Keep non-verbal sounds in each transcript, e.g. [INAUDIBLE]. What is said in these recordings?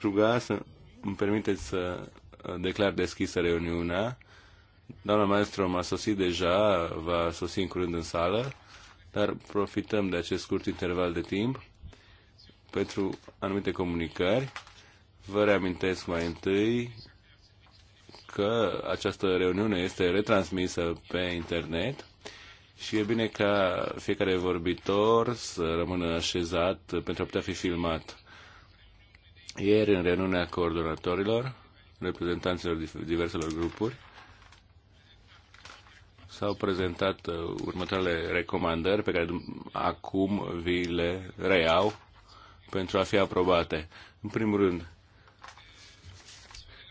ruga să îmi permiteți să uh, declar deschisă reuniunea. Doamna maestru m-a sosit deja, va sosi în curând în sală, dar profităm de acest scurt interval de timp pentru anumite comunicări. Vă reamintesc mai întâi că această reuniune este retransmisă pe internet și e bine ca fiecare vorbitor să rămână așezat pentru a putea fi filmat. Ieri, în reuniunea coordonatorilor, reprezentanților diverselor grupuri, s-au prezentat uh, următoarele recomandări pe care acum vi le reiau pentru a fi aprobate. În primul rând,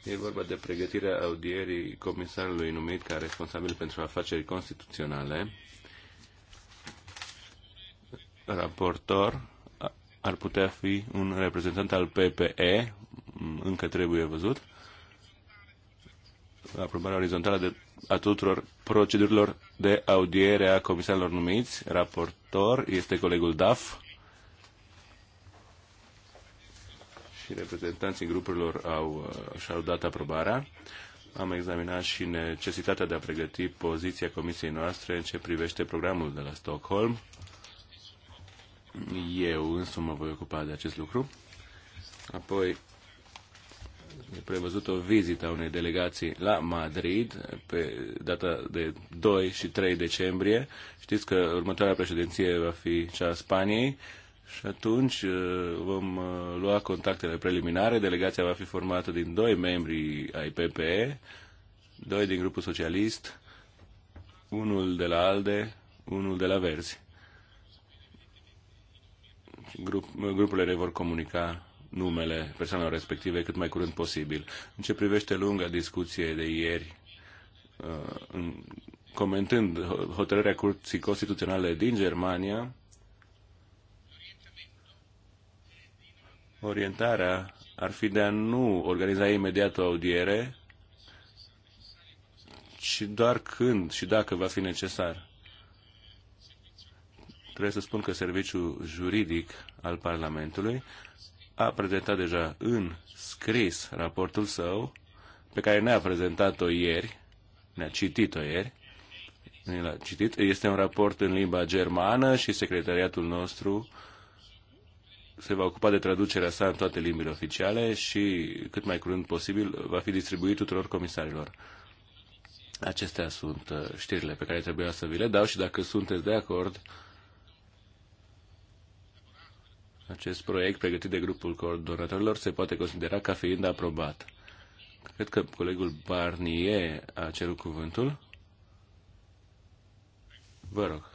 e vorba de pregătirea audierii comisarului numit ca responsabil pentru afaceri constituționale, raportor ar putea fi un reprezentant al PPE, încă trebuie văzut, aprobarea orizontală de, a tuturor procedurilor de audiere a comisarilor numiți. Raportor este colegul DAF și reprezentanții grupurilor au, uh, și-au dat aprobarea. Am examinat și necesitatea de a pregăti poziția comisiei noastre în ce privește programul de la Stockholm eu însumi mă voi ocupa de acest lucru. Apoi e prevăzut o vizită a unei delegații la Madrid pe data de 2 și 3 decembrie. Știți că următoarea președinție va fi cea a Spaniei și atunci uh, vom uh, lua contactele preliminare. Delegația va fi formată din doi membri ai PPE, doi din grupul socialist, unul de la ALDE, unul de la Verzi grup, grupurile vor comunica numele persoanelor respective cât mai curând posibil. În ce privește lunga discuție de ieri, uh, comentând hotărârea Curții Constituționale din Germania, orientarea ar fi de a nu organiza imediat o audiere, ci doar când și dacă va fi necesar. Trebuie să spun că serviciul juridic al Parlamentului a prezentat deja în scris raportul său, pe care ne-a prezentat-o ieri, ne-a citit-o ieri, ne a citit. Este un raport în limba germană și secretariatul nostru se va ocupa de traducerea sa în toate limbile oficiale și cât mai curând posibil va fi distribuit tuturor comisarilor. Acestea sunt uh, știrile pe care trebuia să vi le dau și dacă sunteți de acord, acest proiect pregătit de grupul coordonatorilor se poate considera ca fiind aprobat. Cred că colegul Barnier a cerut cuvântul. Vă rog.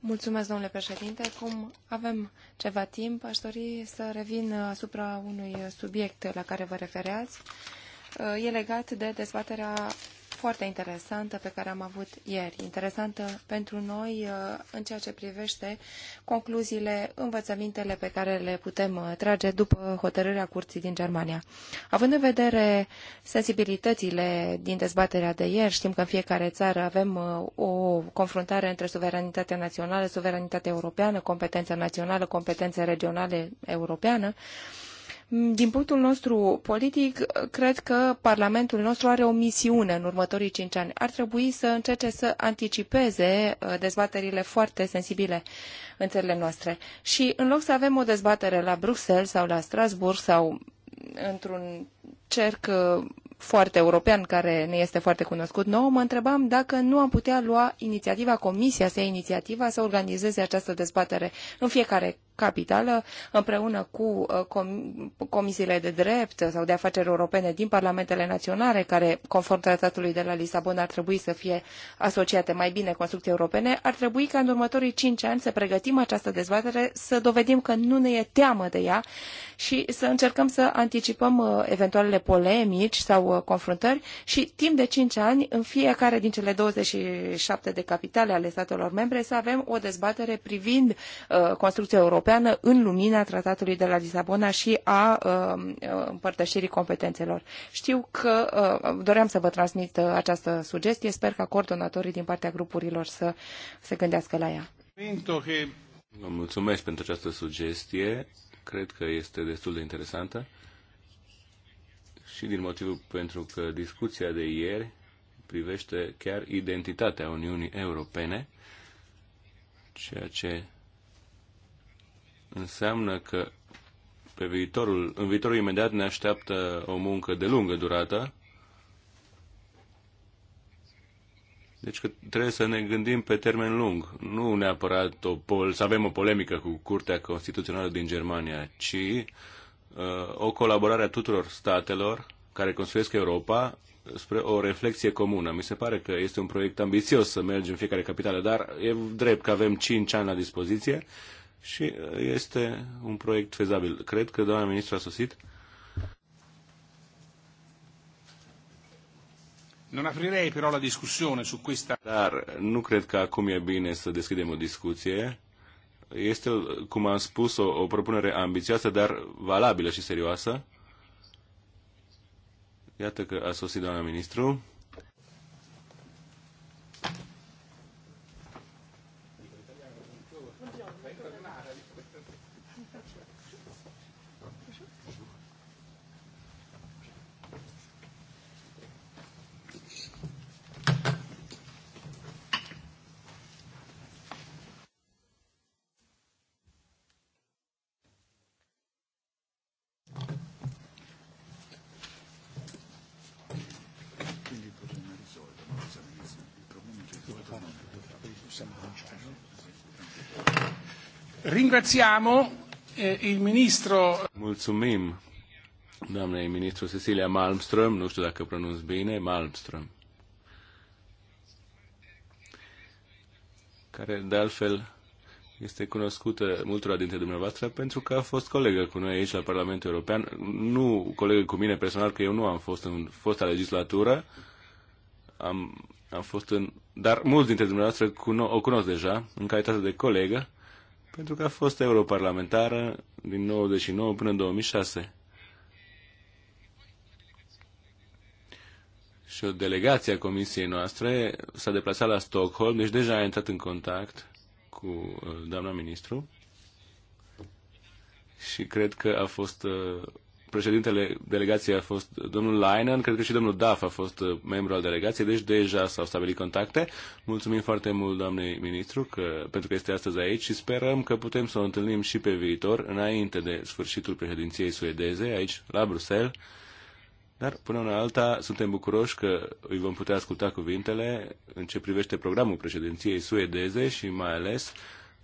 Mulțumesc, domnule președinte. Cum avem ceva timp, aș dori să revin asupra unui subiect la care vă refereați. E legat de dezbaterea foarte interesantă pe care am avut ieri, interesantă pentru noi uh, în ceea ce privește concluziile, învățămintele pe care le putem uh, trage după hotărârea curții din Germania. Având în vedere sensibilitățile din dezbaterea de ieri, știm că în fiecare țară avem uh, o confruntare între suveranitatea națională, suveranitatea europeană, competența națională, competența regională europeană, din punctul nostru politic, cred că Parlamentul nostru are o misiune în următorii cinci ani. Ar trebui să încerce să anticipeze uh, dezbaterile foarte sensibile în țările noastre. Și în loc să avem o dezbatere la Bruxelles sau la Strasbourg sau într-un cerc uh, foarte european care ne este foarte cunoscut nouă, mă întrebam dacă nu am putea lua inițiativa, comisia să ia inițiativa să organizeze această dezbatere în fiecare Capitală, împreună cu uh, comisiile de drept sau de afaceri europene din parlamentele naționale, care, conform tratatului de la Lisabona, ar trebui să fie asociate mai bine construcției europene, ar trebui ca în următorii cinci ani să pregătim această dezbatere, să dovedim că nu ne e teamă de ea și să încercăm să anticipăm uh, eventualele polemici sau uh, confruntări și timp de cinci ani, în fiecare din cele 27 de capitale ale statelor membre, să avem o dezbatere privind construcția europeană Europeană în lumina Tratatului de la Lisabona și a uh, împărtășirii competențelor. Știu că uh, doream să vă transmit uh, această sugestie, sper ca coordonatorii din partea grupurilor să se gândească la ea. Vă mulțumesc pentru această sugestie, cred că este destul de interesantă și din motivul pentru că discuția de ieri privește chiar identitatea Uniunii Europene, ceea ce înseamnă că pe viitorul, în viitorul imediat ne așteaptă o muncă de lungă durată. Deci că trebuie să ne gândim pe termen lung, nu neapărat o pol, să avem o polemică cu Curtea Constituțională din Germania, ci uh, o colaborare a tuturor statelor care construiesc Europa spre o reflexie comună. Mi se pare că este un proiect ambițios să mergi în fiecare capitală, dar e drept că avem 5 ani la dispoziție și uh, este un proiect fezabil. Cred că doamna ministru a sosit. Non aprirei però la discussione su questa... Dar nu cred că acum e bine să deschidem o discuție. Este, cum am spus, o, o propunere ambițioasă, dar valabilă și serioasă. Iată că a sosit doamna ministru. Ringraziamo eh, il ministro. Mulțumim, doamnei ministru Cecilia Malmström, nu știu dacă pronunț bine, Malmström. Care, de altfel, este cunoscută multora dintre dumneavoastră pentru că a fost colegă cu noi aici la Parlamentul European, nu colegă cu mine personal, că eu nu am fost în fosta legislatură, am, am fost în... Dar mulți dintre dumneavoastră cuno- o cunosc deja, în calitate de colegă, pentru că a fost europarlamentară din 99 până în 2006. Și o delegație a comisiei noastre s-a deplasat la Stockholm, deci deja a intrat în contact cu uh, doamna ministru și cred că a fost uh, președintele delegației a fost domnul Leinen, cred că și domnul Daf a fost uh, membru al delegației, deci deja s-au stabilit contacte. Mulțumim foarte mult, doamnei ministru, că, pentru că este astăzi aici și sperăm că putem să o întâlnim și pe viitor, înainte de sfârșitul președinției suedeze, aici, la Bruxelles. Dar, până una alta, suntem bucuroși că îi vom putea asculta cuvintele în ce privește programul președinției suedeze și mai ales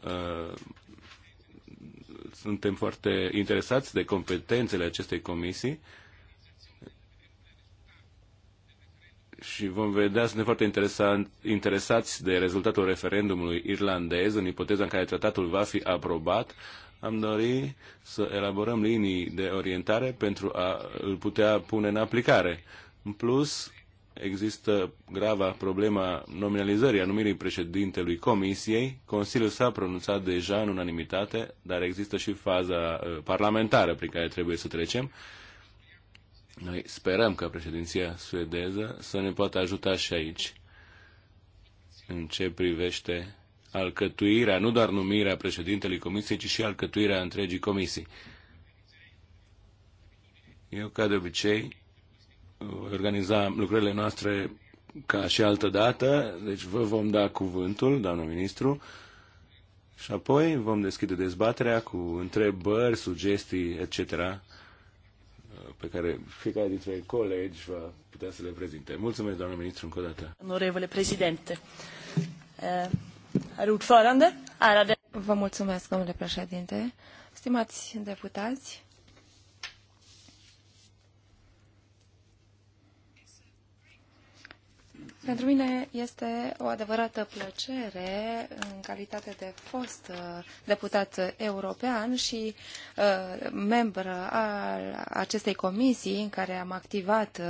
uh, suntem foarte interesați de competențele acestei comisii și vom vedea, suntem foarte interesați, interesați de rezultatul referendumului irlandez în ipoteza în care tratatul va fi aprobat. Am dori să elaborăm linii de orientare pentru a îl putea pune în aplicare. În plus, există grava problema nominalizării a numirii președintelui Comisiei. Consiliul s-a pronunțat deja în unanimitate, dar există și faza uh, parlamentară prin care trebuie să trecem. Noi sperăm că președinția suedeză să ne poată ajuta și aici în ce privește alcătuirea, nu doar numirea președintelui Comisiei, ci și alcătuirea întregii comisii. Eu, ca de obicei, organiza lucrările noastre ca și altă dată, deci vă vom da cuvântul, doamnă ministru, și apoi vom deschide dezbaterea cu întrebări, sugestii, etc., pe care fiecare dintre colegi va putea să le prezinte. Mulțumesc, doamnă ministru, încă o dată. Onorevole președinte, eh, Vă mulțumesc, domnule președinte. Stimați deputați, Pentru mine este o adevărată plăcere, în calitate de fost uh, deputat european și uh, membru al acestei comisii în care am activat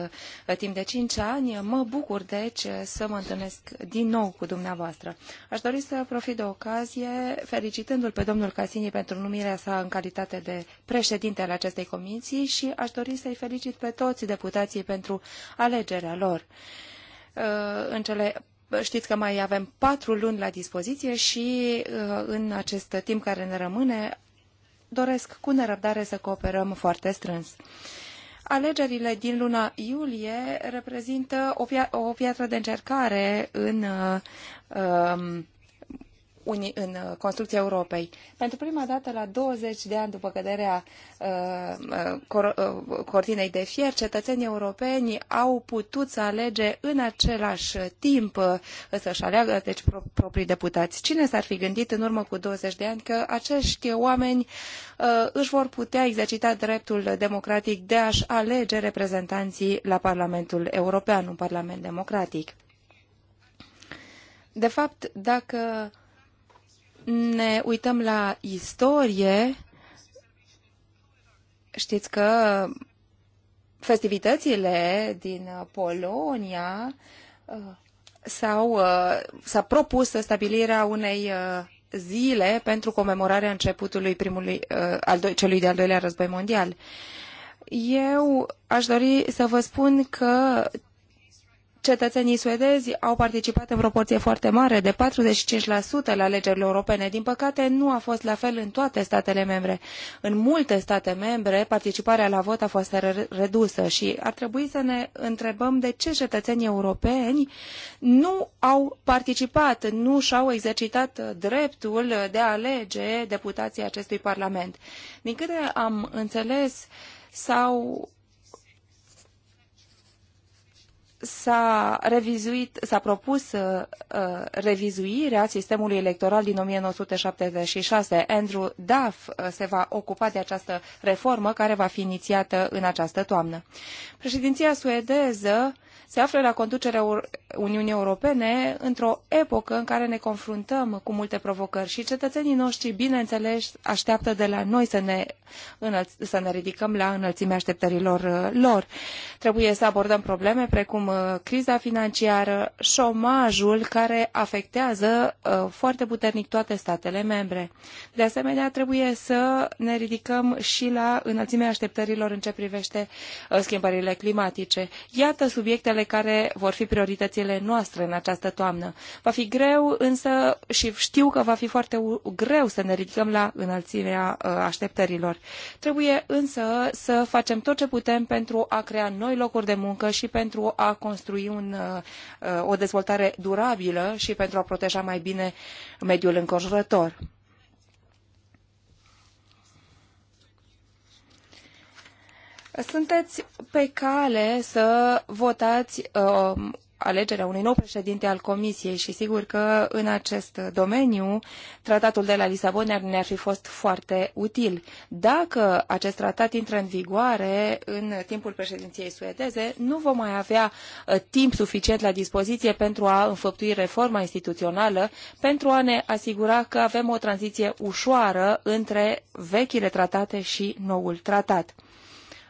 uh, timp de 5 ani, mă bucur deci să mă întâlnesc din nou cu dumneavoastră. Aș dori să profit de ocazie, felicitându-l pe domnul Casini pentru numirea sa în calitate de președinte al acestei comisii și aș dori să-i felicit pe toți deputații pentru alegerea lor. Uh, Uh, în cele Știți că mai avem patru luni la dispoziție și uh, în acest timp care ne rămâne doresc cu nerăbdare să cooperăm foarte strâns. Alegerile din luna iulie reprezintă o, o piatră de încercare în uh, um, uni, în uh, construcția Europei. Pentru prima dată, la 20 de ani după căderea uh, uh, cor, uh, cortinei de fier, cetățenii europeni au putut să alege în același timp uh, să-și aleagă, deci, pro, proprii deputați. Cine s-ar fi gândit în urmă cu 20 de ani că acești oameni uh, își vor putea exercita dreptul democratic de a-și alege reprezentanții la Parlamentul European, un parlament democratic? De fapt, dacă ne uităm la istorie, știți că festivitățile din uh, Polonia uh, s-au, uh, s-a propus stabilirea unei zile pentru comemorarea începutului primului, al do- celui de-al doilea război mondial. Eu aș dori să vă spun că cetățenii suedezi au participat în proporție foarte mare, de 45% la alegerile europene. Din păcate, nu a fost la fel în toate statele membre. În multe state membre, participarea la vot a fost redusă și ar trebui să ne întrebăm de ce cetățenii europeni nu au participat, nu și-au exercitat dreptul de a alege deputații acestui Parlament. Din câte am înțeles, s-au s-a revizuit, s-a propus uh, uh revizuirea sistemului electoral din 1976. Andrew Duff uh, se va ocupa de această reformă care va fi inițiată în această toamnă. Președinția suedeză se află la conducerea Uniunii Europene într-o epocă în care ne confruntăm cu multe provocări și cetățenii noștri, bineînțeles, așteaptă de la noi să ne, să ne ridicăm la înălțimea așteptărilor uh, lor. Trebuie să abordăm probleme precum uh, criza financiară, șomajul care afectează uh, foarte puternic toate statele membre. De asemenea, trebuie să ne ridicăm și la înălțimea așteptărilor în ce privește schimbările climatice. Iată subiectele despre care vor fi prioritățile noastre în această toamnă. Va fi greu, însă, și știu că va fi foarte greu să ne ridicăm la înălțirea uh, așteptărilor. Trebuie însă să facem tot ce putem pentru a crea noi locuri de muncă și pentru a construi un, uh, uh, o dezvoltare durabilă și pentru a proteja mai bine mediul înconjurător. Sunteți pe cale să votați uh, alegerea unui nou președinte al Comisiei și sigur că în acest domeniu tratatul de la Lisabona ne-ar fi fost foarte util. Dacă acest tratat intră în vigoare în timpul președinției suedeze, nu vom mai avea uh, timp suficient la dispoziție pentru a înfăptui reforma instituțională, pentru a ne asigura că avem o tranziție ușoară între vechile tratate și noul tratat.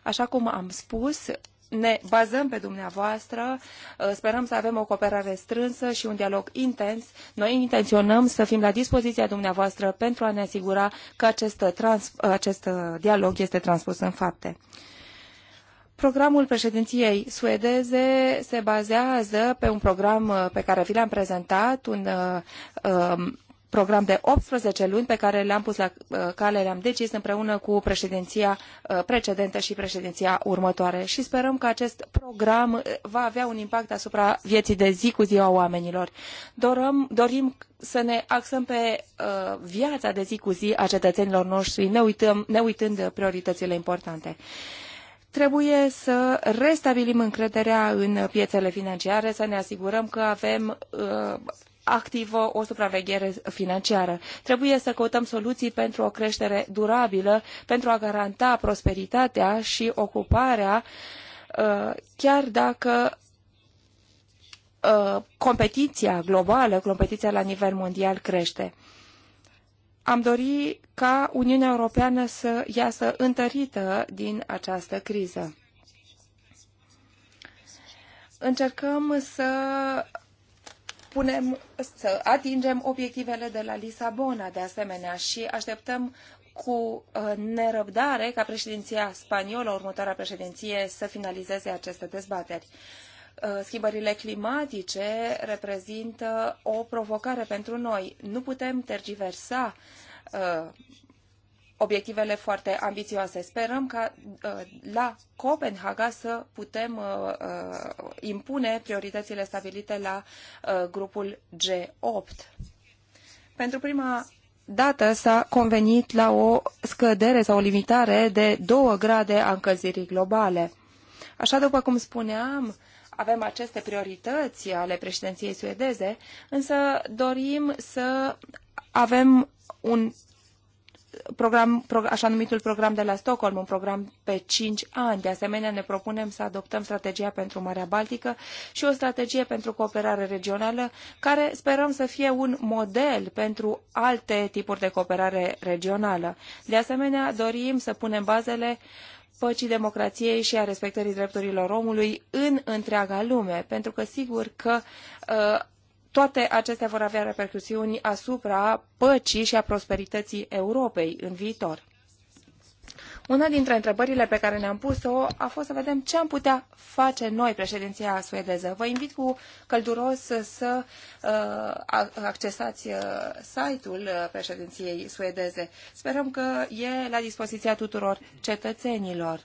Așa cum am spus, ne bazăm pe dumneavoastră, uh, sperăm să avem o cooperare strânsă și un dialog intens. Noi intenționăm să fim la dispoziția dumneavoastră pentru a ne asigura că acest, trans, acest dialog este transpus în fapte. Programul președinției suedeze se bazează pe un program uh, pe care vi l-am prezentat, un uh, um, program de 18 luni pe care le-am pus la uh, cale, le-am decis împreună cu președinția uh, precedentă și președinția următoare și sperăm că acest program uh, va avea un impact asupra vieții de zi cu zi a oamenilor. Dorăm, dorim să ne axăm pe uh, viața de zi cu zi a cetățenilor noștri, ne, uităm, ne uitând prioritățile importante trebuie să restabilim încrederea în piețele financiare, să ne asigurăm că avem activă o supraveghere financiară. Trebuie să căutăm soluții pentru o creștere durabilă, pentru a garanta prosperitatea și ocuparea, uh, chiar dacă uh, competiția globală, competiția la nivel mondial crește. Am dori ca Uniunea Europeană să iasă întărită din această criză. Încercăm să punem, să atingem obiectivele de la Lisabona, de asemenea, și așteptăm cu uh, nerăbdare ca președinția spaniolă, următoarea președinție, să finalizeze aceste dezbateri. Uh, schimbările climatice reprezintă o provocare pentru noi. Nu putem tergiversa uh, obiectivele foarte ambițioase. Sperăm ca uh, la Copenhaga să putem uh, uh, impune prioritățile stabilite la grupul G8. Pentru prima dată s-a convenit la o scădere sau o limitare de 2 grade a încălzirii globale. Așa după cum spuneam, avem aceste priorități ale președinției suedeze, însă dorim să avem un program, pro, așa numitul program de la Stockholm, un program pe 5 ani. De asemenea, ne propunem să adoptăm strategia pentru Marea Baltică și o strategie pentru cooperare regională, care sperăm să fie un model pentru alte tipuri de cooperare regională. De asemenea, dorim să punem bazele păcii democrației și a respectării drepturilor omului în întreaga lume, pentru că sigur că uh, toate acestea vor avea repercusiuni asupra păcii și a prosperității Europei în viitor. Una dintre întrebările pe care ne-am pus-o a fost să vedem ce am putea face noi, președinția suedeză. Vă invit cu călduros să uh, accesați uh, site-ul uh, președinției suedeze. Sperăm că e la dispoziția tuturor cetățenilor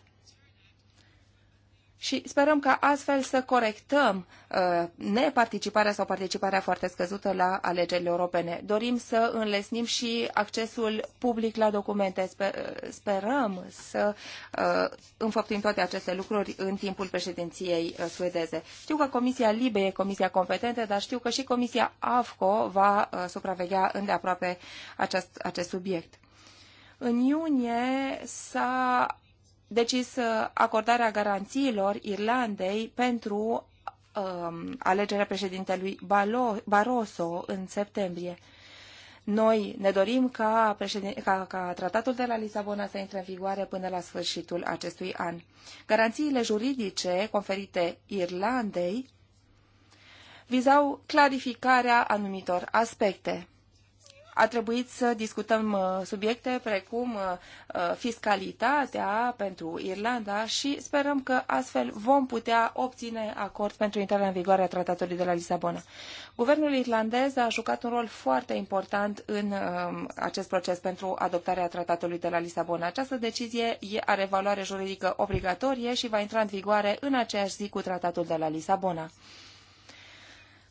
și sperăm ca astfel să corectăm uh, neparticiparea sau participarea foarte scăzută la alegerile europene. Dorim să înlesnim și accesul public la documente. Sper, uh, sperăm să uh, înfăptim toate aceste lucruri în timpul președinției uh, suedeze. Știu că Comisia Libe e comisia competentă, dar știu că și Comisia AFCO va uh, supraveghea îndeaproape acest, acest subiect. În iunie s-a decis uh, acordarea garanțiilor Irlandei pentru um, alegerea președintelui Barroso în septembrie. Noi ne dorim ca, ca, ca tratatul de la Lisabona să intre în vigoare până la sfârșitul acestui an. Garanțiile juridice conferite Irlandei vizau clarificarea anumitor aspecte a trebuit să discutăm uh, subiecte precum uh, uh, fiscalitatea pentru Irlanda și sperăm că astfel vom putea obține acord pentru intrarea în vigoare a tratatului de la Lisabona. Guvernul irlandez a jucat un rol foarte important în um, acest proces pentru adoptarea tratatului de la Lisabona. Această decizie are valoare juridică obligatorie și va intra în vigoare în aceeași zi cu tratatul de la Lisabona.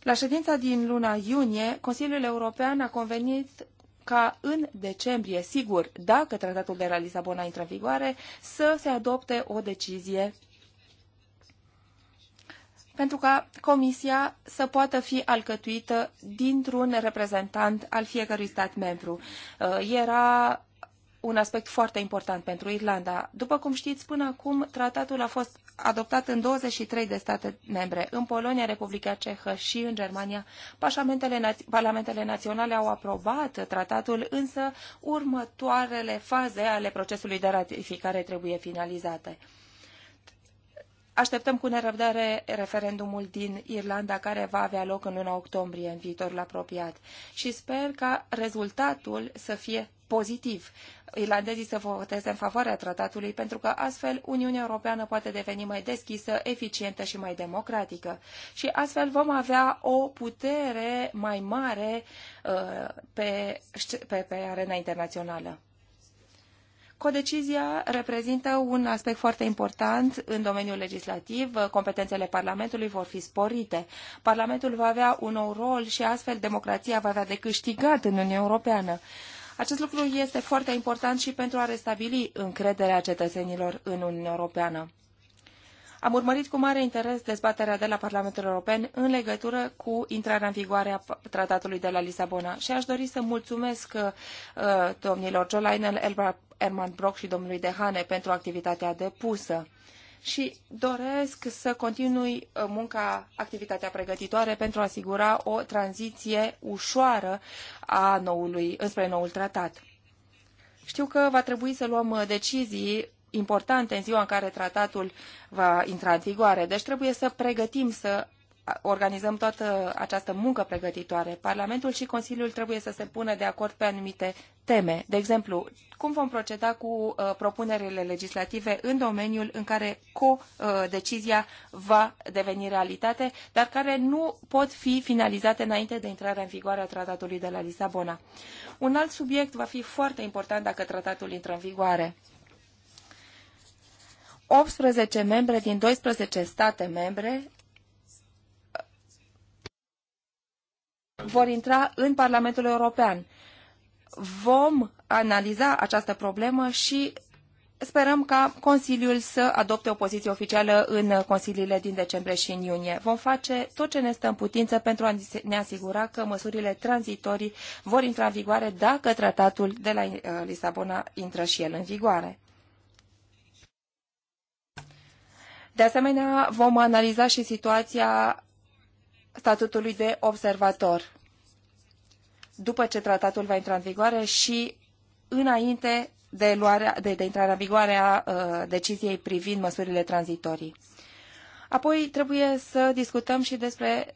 La ședința din luna iunie, Consiliul European a convenit ca în decembrie, sigur, dacă tratatul de la Lisabona intră în vigoare, să se adopte o decizie pentru ca comisia să poată fi alcătuită dintr-un reprezentant al fiecărui stat membru. Uh, era un aspect foarte important pentru Irlanda. După cum știți, până acum tratatul a fost adoptat în 23 de state membre, în Polonia, Republica Cehă și în Germania. Parlamentele, Parlamentele naționale au aprobat tratatul, însă următoarele faze ale procesului de ratificare trebuie finalizate. Așteptăm cu nerăbdare referendumul din Irlanda care va avea loc în luna octombrie, în viitorul apropiat, și sper ca rezultatul să fie pozitiv irlandezii să voteze în favoarea tratatului, pentru că astfel Uniunea Europeană poate deveni mai deschisă, eficientă și mai democratică. Și astfel vom avea o putere mai mare uh, pe, pe, pe arena internațională. Codecizia reprezintă un aspect foarte important în domeniul legislativ. Competențele Parlamentului vor fi sporite. Parlamentul va avea un nou rol și astfel democrația va avea de câștigat în Uniunea Europeană. Acest lucru este foarte important și pentru a restabili încrederea cetățenilor în Uniunea Europeană. Am urmărit cu mare interes dezbaterea de la Parlamentul European în legătură cu intrarea în vigoare a tratatului de la Lisabona și aș dori să mulțumesc uh, domnilor Joe Lionel, Elba Erman Brock și domnului Dehane pentru activitatea depusă și doresc să continui uh, munca, activitatea pregătitoare pentru a asigura o tranziție ușoară a noului, înspre noul tratat. Știu că va trebui să luăm uh, decizii importante în ziua în care tratatul va intra în vigoare, deci trebuie să pregătim, să organizăm toată această muncă pregătitoare, Parlamentul și Consiliul trebuie să se pună de acord pe anumite teme. De exemplu, cum vom proceda cu uh, propunerile legislative în domeniul în care co-decizia va deveni realitate, dar care nu pot fi finalizate înainte de intrarea în vigoare a tratatului de la Lisabona. Un alt subiect va fi foarte important dacă tratatul intră în vigoare. 18 membre din 12 state membre vor intra în Parlamentul European. Vom analiza această problemă și sperăm ca Consiliul să adopte o poziție oficială în consiliile din decembrie și în iunie. Vom face tot ce ne stă în putință pentru a ne asigura că măsurile tranzitorii vor intra în vigoare dacă tratatul de la uh, Lisabona intră și el în vigoare. De asemenea, vom analiza și situația statutului de observator după ce tratatul va intra în vigoare și înainte de, luarea, de, de intrarea în vigoare a uh, deciziei privind măsurile tranzitorii. Apoi trebuie să discutăm și despre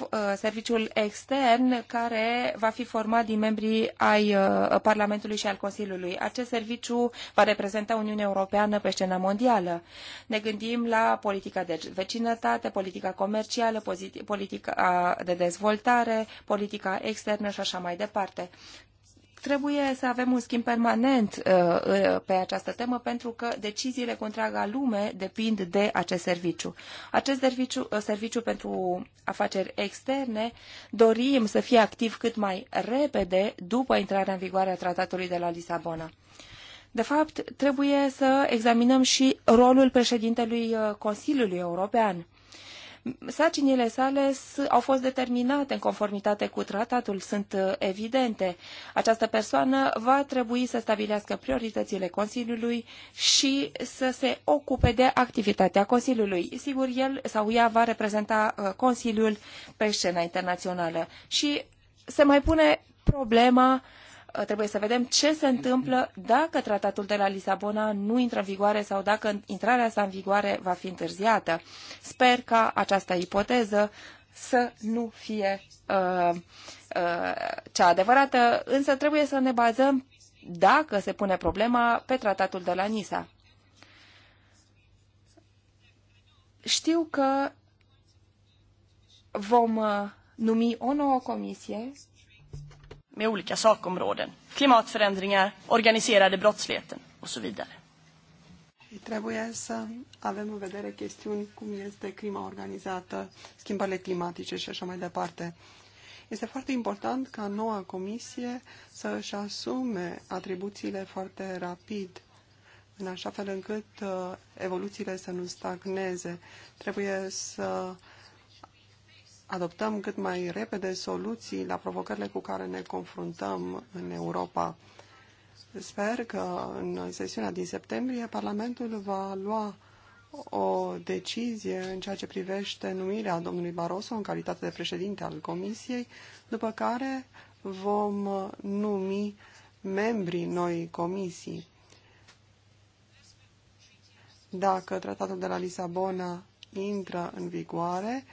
uh, serviciul extern care va fi format din membrii ai uh, Parlamentului și al Consiliului. Acest serviciu va reprezenta Uniunea Europeană pe scena mondială. Ne gândim la politica de vecinătate, politica comercială, politica de dezvoltare, politica externă și așa mai departe trebuie să avem un schimb permanent uh, uh, pe această temă pentru că deciziile cu întreaga lume depind de acest serviciu. Acest serviciu, uh, serviciu pentru afaceri externe dorim să fie activ cât mai repede după intrarea în vigoare a tratatului de la Lisabona. De fapt, trebuie să examinăm și rolul președintelui Consiliului European Sacinile sale au fost determinate în conformitate cu tratatul, sunt uh, evidente. Această persoană va trebui să stabilească prioritățile Consiliului și să se ocupe de activitatea Consiliului. Sigur, el sau ea va reprezenta uh, Consiliul pe scena internațională. Și se mai pune problema uh, trebuie să vedem ce se întâmplă dacă tratatul de la Lisabona nu intră în vigoare sau dacă intrarea sa în vigoare va fi întârziată. Sper ca această ipoteză să nu fie uh, uh, cea adevărată, însă trebuie să ne bazăm, dacă se pune problema, pe tratatul de la Nisa. Știu că vom uh, numi o nouă comisie med olika sakområden. Klimatförändringar, organiserade brottsligheten och så vidare. Trebuie să avem în vedere chestiuni cum este clima organizată, schimbările climatice și așa mai departe. Este foarte important ca noua comisie să își asume atribuțiile foarte rapid, în așa fel încât uh, evoluțiile să nu stagneze. Trebuie să adoptăm cât mai repede soluții la provocările cu care ne confruntăm în Europa. Sper că în sesiunea din septembrie Parlamentul va lua o decizie în ceea ce privește numirea domnului Barroso în calitate de președinte al Comisiei, după care vom numi membrii noi comisii. Dacă tratatul de la Lisabona intră în vigoare,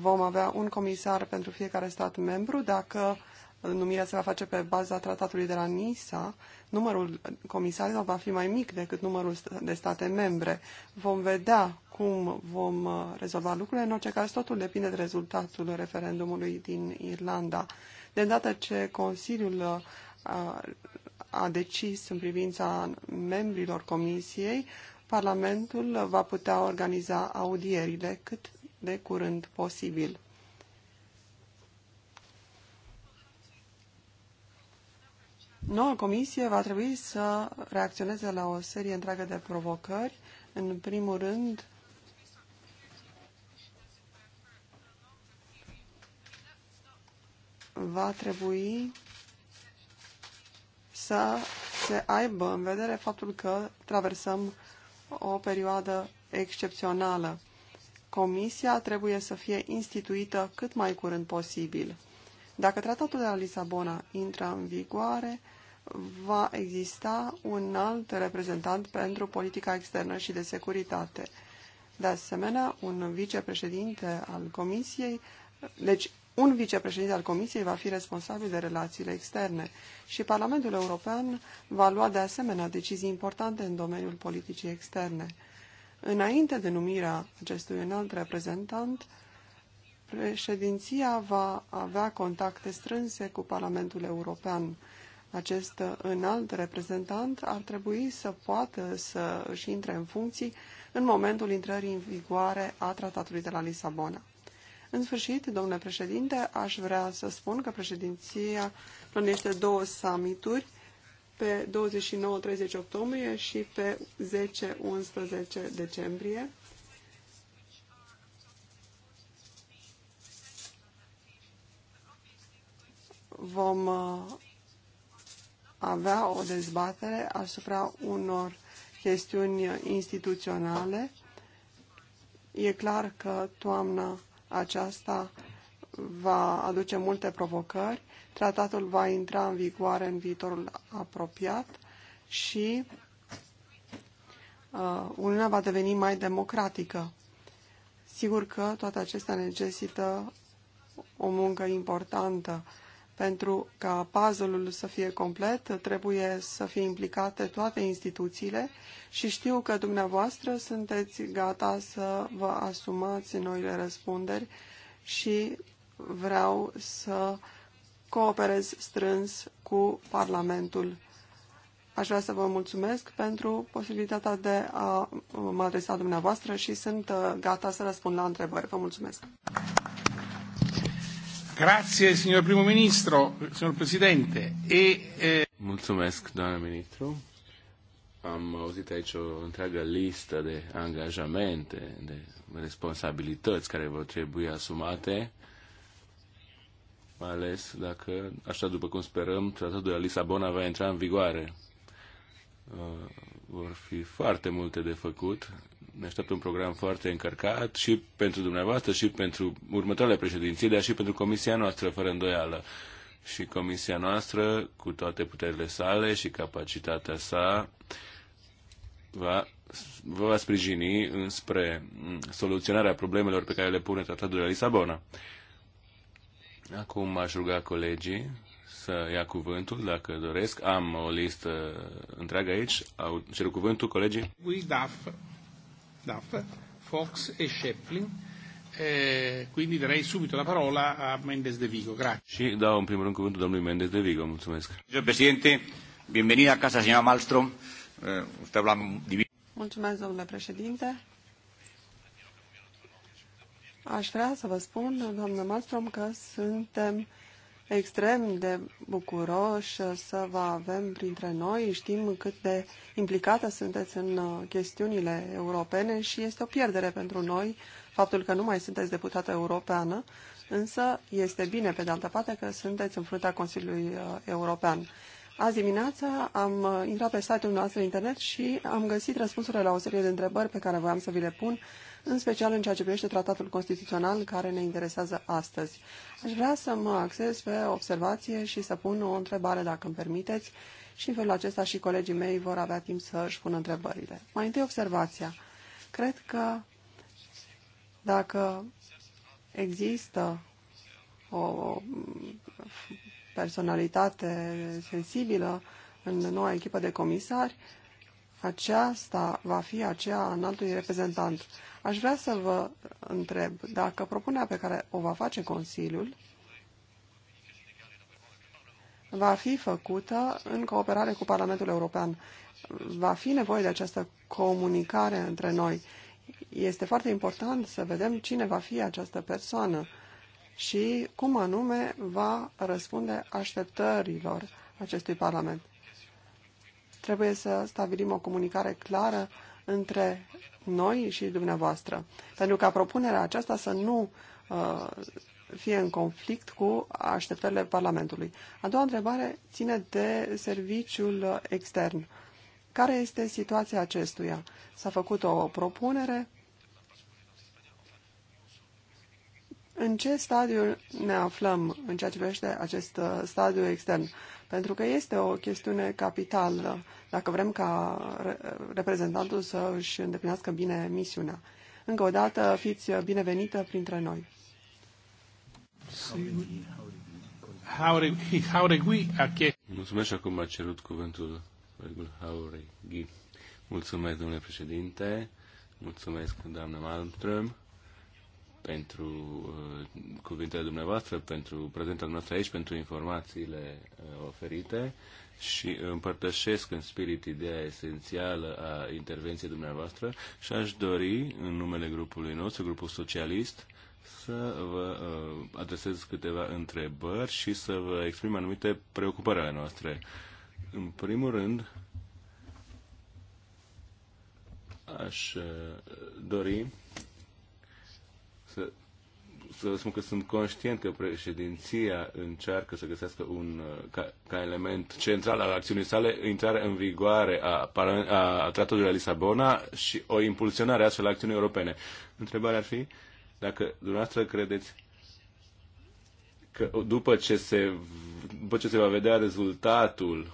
vom avea un comisar pentru fiecare stat membru. Dacă numirea se va face pe baza tratatului de la Nisa, numărul comisarilor va fi mai mic decât numărul de state membre. Vom vedea cum vom uh, rezolva lucrurile. În orice caz, totul depinde de rezultatul referendumului din Irlanda. De îndată ce Consiliul uh, a, a decis în privința membrilor comisiei, Parlamentul va putea organiza audierile cât de curând posibil. Noua comisie va trebui să reacționeze la o serie întreagă de provocări. În primul rând, va trebui să se aibă în vedere faptul că traversăm o perioadă excepțională. Comisia trebuie să fie instituită cât mai curând posibil. Dacă tratatul de la Lisabona intră în vigoare, va exista un alt reprezentant pentru politica externă și de securitate. De asemenea, un vicepreședinte al Comisiei, deci un vicepreședinte al Comisiei va fi responsabil de relațiile externe și Parlamentul European va lua de asemenea decizii importante în domeniul politicii externe. Înainte de numirea acestui înalt reprezentant, președinția va avea contacte strânse cu Parlamentul European. Acest înalt reprezentant ar trebui să poată să își intre în funcții în momentul intrării în vigoare a Tratatului de la Lisabona. În sfârșit, domnule președinte, aș vrea să spun că președinția plănește două summituri pe 29-30 octombrie și pe 10-11 decembrie. Vom uh, avea o dezbatere asupra unor chestiuni instituționale. E clar că toamna aceasta va aduce multe provocări Tratatul va intra în vigoare în viitorul apropiat și uh, Uniunea va deveni mai democratică. Sigur că toate acestea necesită o muncă importantă. Pentru ca puzzle-ul să fie complet, trebuie să fie implicate toate instituțiile și știu că dumneavoastră sunteți gata să vă asumați noile răspunderi și vreau să cooperez strâns cu Parlamentul. Aș vrea să vă mulțumesc pentru posibilitatea de a uh, mă adresa dumneavoastră și sunt uh, gata să răspund la întrebări. Vă mulțumesc. Grazie, signor primo ministro, signor presidente. E, e... Mulțumesc, doamna ministru. Am auzit aici o întreagă listă de angajamente, de responsabilități care vor trebui asumate mai ales dacă, așa după cum sperăm, tratatul de la Lisabona va intra în vigoare. Uh, vor fi foarte multe de făcut. Ne așteaptă un program foarte încărcat și pentru dumneavoastră, și pentru următoarele președinții, dar și pentru comisia noastră, fără îndoială. Și comisia noastră, cu toate puterile sale și capacitatea sa, va, vă va sprijini înspre soluționarea problemelor pe care le pune tratatul de la Lisabona. Acum aș ruga colegii să ia cuvântul, dacă doresc. Am o listă întreagă aici. Au cerut cuvântul colegii. Ui, Duff, Duff, Fox e Sheplin. Eh, quindi darei subito la parola a Mendes de Vigo. Grazie. Și dau în primul rând cuvântul domnului Mendes de Vigo. Mulțumesc. Domnule președinte, bienvenida a casa, signora Malmström. Uh, usted habla divin. Mulțumesc, domnule președinte. Aș vrea să vă spun, doamnă Malstrom, că suntem extrem de bucuroși să vă avem printre noi. Știm cât de implicată sunteți în uh, chestiunile europene și este o pierdere pentru noi faptul că nu mai sunteți deputată europeană, însă este bine, pe de altă parte, că sunteți în fruntea Consiliului uh, European. Azi dimineața am uh, intrat pe site-ul nostru internet și am găsit răspunsurile la o serie de întrebări pe care voiam să vi le pun în special în ceea ce privește tratatul constituțional care ne interesează astăzi. Aș vrea să mă axez pe observație și să pun o întrebare, dacă îmi permiteți, și în felul acesta și colegii mei vor avea timp să își pună întrebările. Mai întâi observația. Cred că dacă există o personalitate sensibilă în noua echipă de comisari, aceasta va fi aceea a înaltului reprezentant. Aș vrea să vă întreb dacă propunerea pe care o va face Consiliul va fi făcută în cooperare cu Parlamentul European. Va fi nevoie de această comunicare între noi. Este foarte important să vedem cine va fi această persoană și cum anume va răspunde așteptărilor acestui Parlament. Trebuie să stabilim o comunicare clară între noi și dumneavoastră, pentru ca propunerea aceasta să nu uh, fie în conflict cu așteptările Parlamentului. A doua întrebare ține de serviciul extern. Care este situația acestuia? S-a făcut o propunere În ce stadiu ne aflăm în ceea ce privește acest uh, stadiu extern? Pentru că este o chestiune capitală, dacă vrem ca reprezentantul să își îndeplinească bine misiunea. Încă o dată, fiți binevenită printre noi. Mulțumesc și acum a cerut cuvântul regul Hauregui. Mulțumesc, domnule președinte. Mulțumesc, doamnă Malmström pentru uh, cuvintele dumneavoastră, pentru prezența noastră aici, pentru informațiile uh, oferite și împărtășesc în spirit ideea esențială a intervenției dumneavoastră și aș dori, în numele grupului nostru, grupul socialist, să vă uh, adresez câteva întrebări și să vă exprim anumite preocupări ale noastre. În primul rând, aș uh, dori să spun că sunt conștient că președinția încearcă să găsească un, uh, ca, ca element central al acțiunii sale intrarea în vigoare a, a Tratatului de la Lisabona și o impulsionare astfel a acțiunii europene. Întrebarea ar fi dacă dumneavoastră credeți că după ce se, după ce se va vedea rezultatul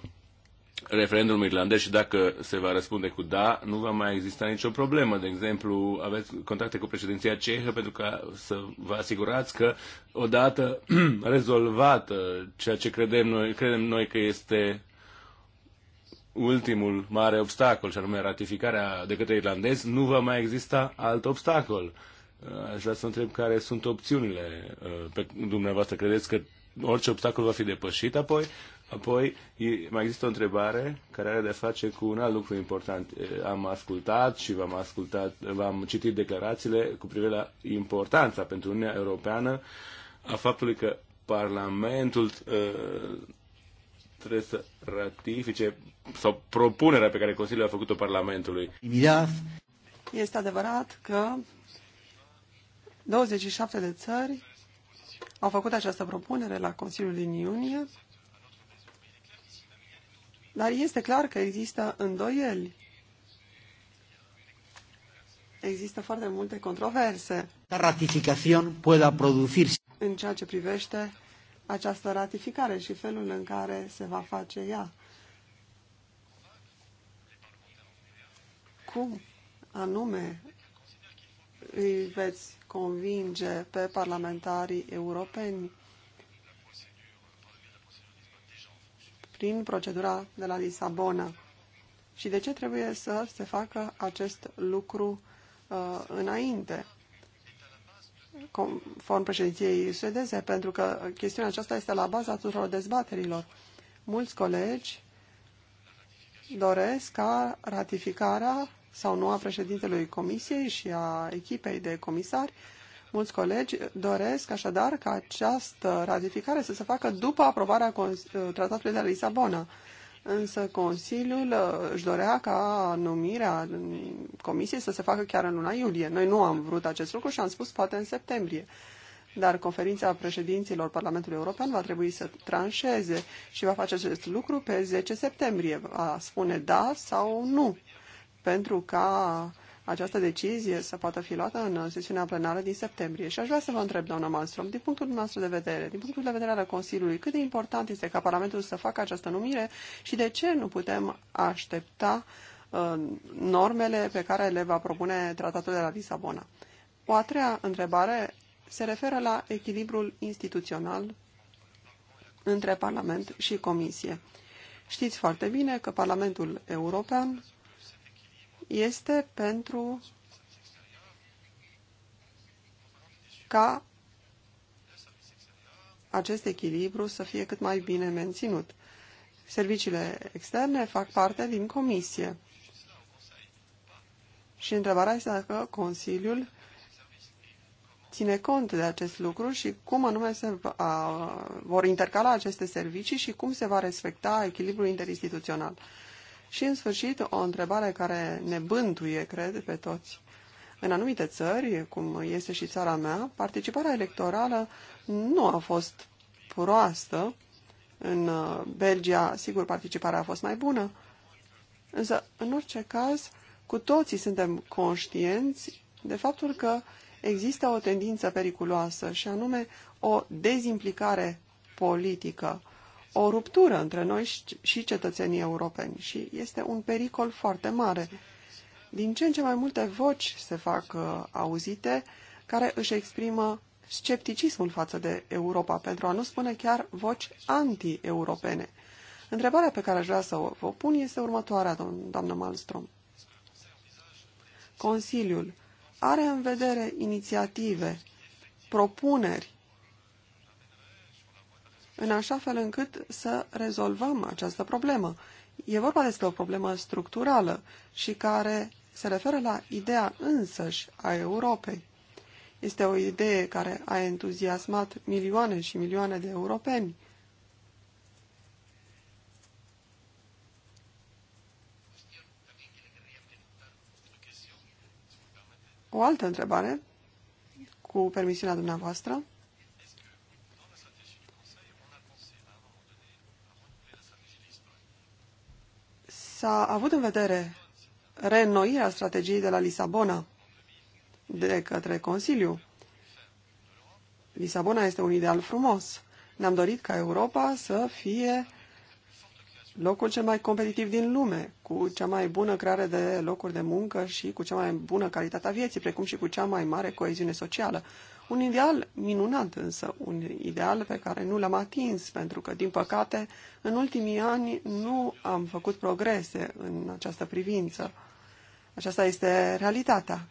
referendumul irlandez și dacă se va răspunde cu da, nu va mai exista nicio problemă. De exemplu, aveți contacte cu președinția cehă pentru ca să vă asigurați că odată [CLEARS THROAT] rezolvată uh, ceea ce credem noi, credem noi că este ultimul mare obstacol, și anume ratificarea de către Irlandez, nu va mai exista alt obstacol. Uh, aș vrea să întreb care sunt opțiunile uh, pe dumneavoastră. Credeți că orice obstacol va fi depășit apoi? Apoi, mai există o întrebare care are de-a face cu un alt lucru important. Am ascultat și v-am, ascultat, v-am citit declarațiile cu privire la importanța pentru Uniunea Europeană a faptului că Parlamentul trebuie să ratifice sau propunerea pe care Consiliul a făcut-o Parlamentului. Este adevărat că 27 de țări au făcut această propunere la Consiliul din iunie dar este clar că există îndoieli. Există foarte multe controverse. ratificación pueda producirse. În ceea ce privește această ratificare și felul în care se va face ea. Cum anume îi veți convinge pe parlamentarii europeni prin procedura de la Lisabona. Și de ce trebuie să se facă acest lucru uh, înainte, conform președinției suedeze, pentru că chestiunea aceasta este la baza tuturor dezbaterilor. Mulți colegi doresc ca ratificarea sau nu a președintelui Comisiei și a echipei de comisari uh, Mulți colegi doresc așadar ca această ratificare să se facă după aprobarea uh, Tratatului de la Lisabona. Însă Consiliul uh, își dorea ca numirea Comisiei să se facă chiar în luna iulie. Noi nu am vrut acest lucru și am spus poate în septembrie. Dar conferința președinților Parlamentului European va trebui să tranșeze și va face acest lucru pe 10 septembrie. Va spune da sau nu. Pentru ca această decizie să poată fi luată în sesiunea plenară din septembrie. Și aș vrea să vă întreb, doamna Malmström, din punctul nostru de vedere, din punctul de vedere al Consiliului, cât de important este ca Parlamentul să facă această numire și de ce nu putem aștepta uh, normele pe care le va propune tratatul de la Lisabona. O a treia întrebare se referă la echilibrul instituțional între Parlament și Comisie. Știți foarte bine că Parlamentul European este pentru ca acest echilibru să fie cât mai bine menținut. Serviciile externe fac parte din comisie. Și întrebarea este dacă Consiliul ține cont de acest lucru și cum anume se va, vor intercala aceste servicii și cum se va respecta echilibrul interinstituțional. Și, în sfârșit, o întrebare care ne bântuie, cred, pe toți. În anumite țări, cum este și țara mea, participarea electorală nu a fost proastă. În uh, Belgia, sigur, participarea a fost mai bună. Însă, în orice caz, cu toții suntem conștienți de faptul că există o tendință periculoasă și anume o dezimplicare politică o ruptură între noi și cetățenii europeni și este un pericol foarte mare. Din ce în ce mai multe voci se fac uh, auzite care își exprimă scepticismul față de Europa, pentru a nu spune chiar voci anti-europene. Întrebarea pe care aș vrea să o vă pun este următoarea, doamnă Malmström. Consiliul are în vedere inițiative, propuneri în așa fel încât să rezolvăm această problemă. E vorba despre o problemă structurală și care se referă la ideea însăși a Europei. Este o idee care a entuziasmat milioane și milioane de europeni. O altă întrebare, cu permisiunea dumneavoastră. S-a avut în vedere reînnoirea strategiei de la Lisabona de către Consiliu. Lisabona este un ideal frumos. Ne-am dorit ca Europa să fie locul cel mai competitiv din lume, cu cea mai bună creare de locuri de muncă și cu cea mai bună calitate a vieții, precum și cu cea mai mare coeziune socială. Un ideal minunat însă, un ideal pe care nu l-am atins, pentru că, din păcate, în ultimii ani nu am făcut progrese în această privință. Aceasta este realitatea.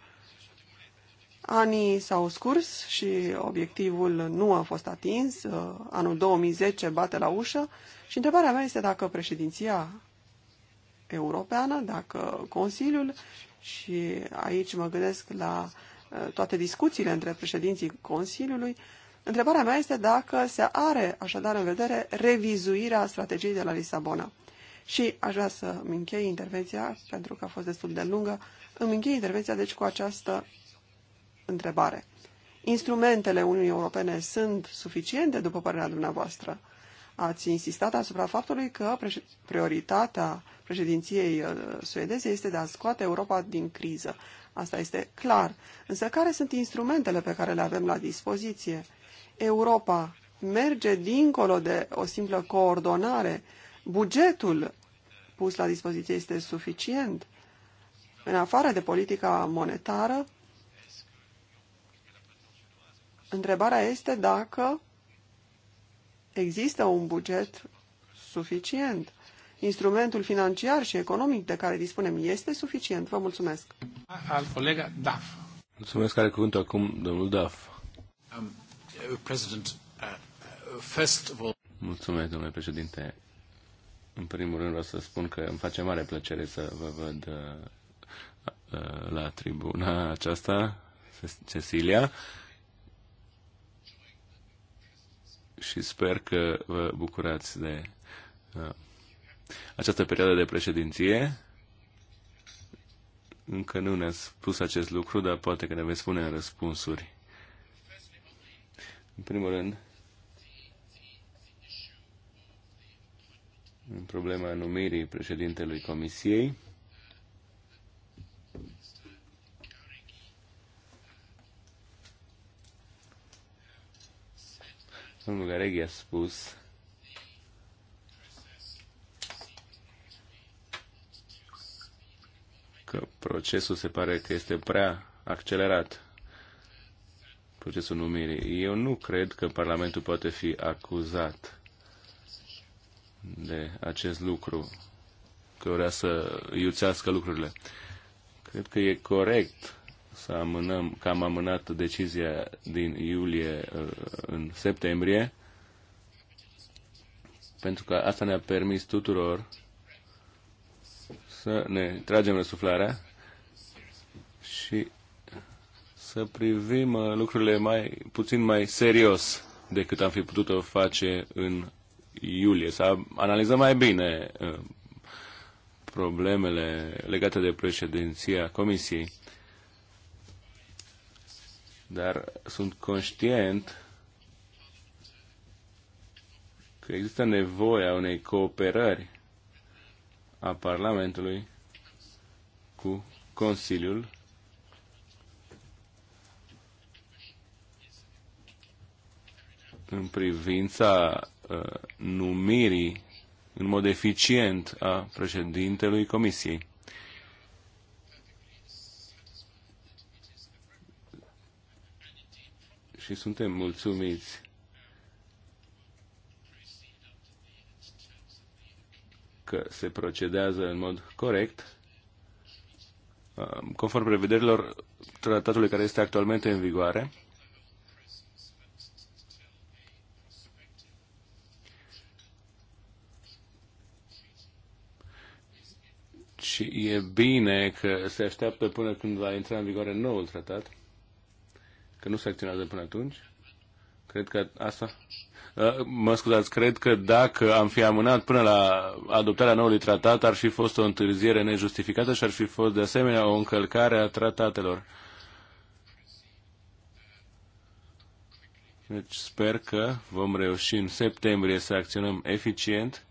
Anii s-au scurs și obiectivul nu a fost atins. Uh, anul 2010 bate la ușă și întrebarea mea este dacă președinția europeană, dacă Consiliul, și aici mă gândesc la uh, toate discuțiile între președinții Consiliului, întrebarea mea este dacă se are așadar în vedere revizuirea strategiei de la Lisabona. Și aș vrea să îmi închei intervenția, pentru că a fost destul de lungă, îmi închei intervenția deci cu această întrebare. Instrumentele Uniunii Europene sunt suficiente, după părerea dumneavoastră? ați insistat asupra faptului că prioritatea președinției uh, suedeze este de a scoate Europa din criză. Asta este clar. Însă care sunt instrumentele pe care le avem la dispoziție? Europa merge dincolo de o simplă coordonare. Bugetul pus la dispoziție este suficient. În afară de politica monetară, întrebarea este dacă Există un buget suficient. Instrumentul financiar și economic de care dispunem este suficient. Vă mulțumesc. Al colega Daf. Mulțumesc. Care cuvântul acum, domnul Daf? Um, uh, President, uh, uh, first of all... Mulțumesc, domnule președinte. În primul rând vreau să spun că îmi face mare plăcere să vă văd uh, uh la tribuna aceasta, Cecilia. și sper că vă bucurați de uh, această perioadă de președinție. Încă nu ne-a spus acest lucru, dar poate că ne veți spune în răspunsuri. În primul rând, în problema numirii președintelui Comisiei, a spus, că procesul se pare că este prea accelerat, procesul numirii. Eu nu cred că Parlamentul poate fi acuzat de acest lucru, că vrea să iuțească lucrurile. Cred că e corect să amânăm, că am amânat decizia din iulie uh, în septembrie, pentru că asta ne-a permis tuturor să ne tragem răsuflarea și să privim uh, lucrurile mai puțin mai serios decât am fi putut o face în iulie, să analizăm mai bine uh, problemele legate de președinția Comisiei dar sunt conștient că există nevoia unei cooperări a Parlamentului cu Consiliul în privința uh, numirii în mod eficient a președintelui Comisiei. și suntem mulțumiți că se procedează în mod corect uh, conform prevederilor tratatului care este actualmente în vigoare. Și e bine că se așteaptă până când va intra în vigoare noul tratat. Că nu se acționează până atunci? Cred că asta... Mă scuzați, cred că dacă am fi amânat până la adoptarea noului tratat, ar fi fost o întârziere nejustificată și ar fi fost de asemenea o încălcare a tratatelor. Deci sper că vom reuși în septembrie să acționăm eficient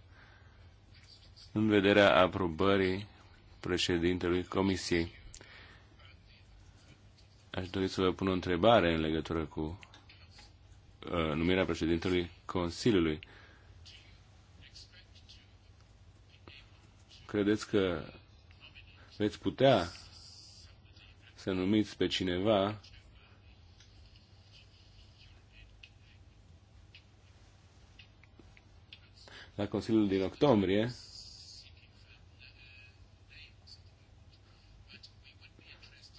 în vederea aprobării președintelui Comisiei aș dori să vă pun o întrebare în legătură cu uh, numirea președintelui Consiliului. Credeți că veți putea să numiți pe cineva la Consiliul din octombrie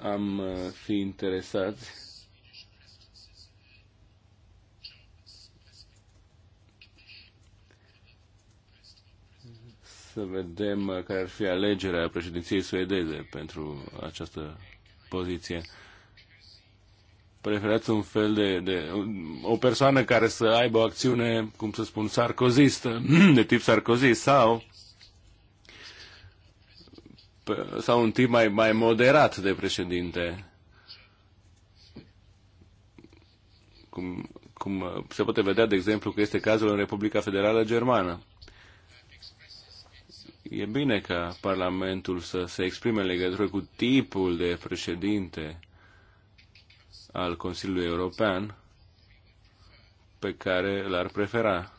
am uh, fi interesați să vedem uh, care ar fi alegerea președinției suedeze pentru această poziție. Preferați un fel de, de o persoană care să aibă o acțiune, cum să spun, sarcozistă, [CLEARS THROAT] de tip sarcozist sau sau un tip mai, mai moderat de președinte. Cum, cum uh, se poate vedea, de exemplu, că este cazul în Republica Federală Germană. E bine ca Parlamentul să se exprime în legătură cu tipul de președinte al Consiliului European pe care l-ar prefera.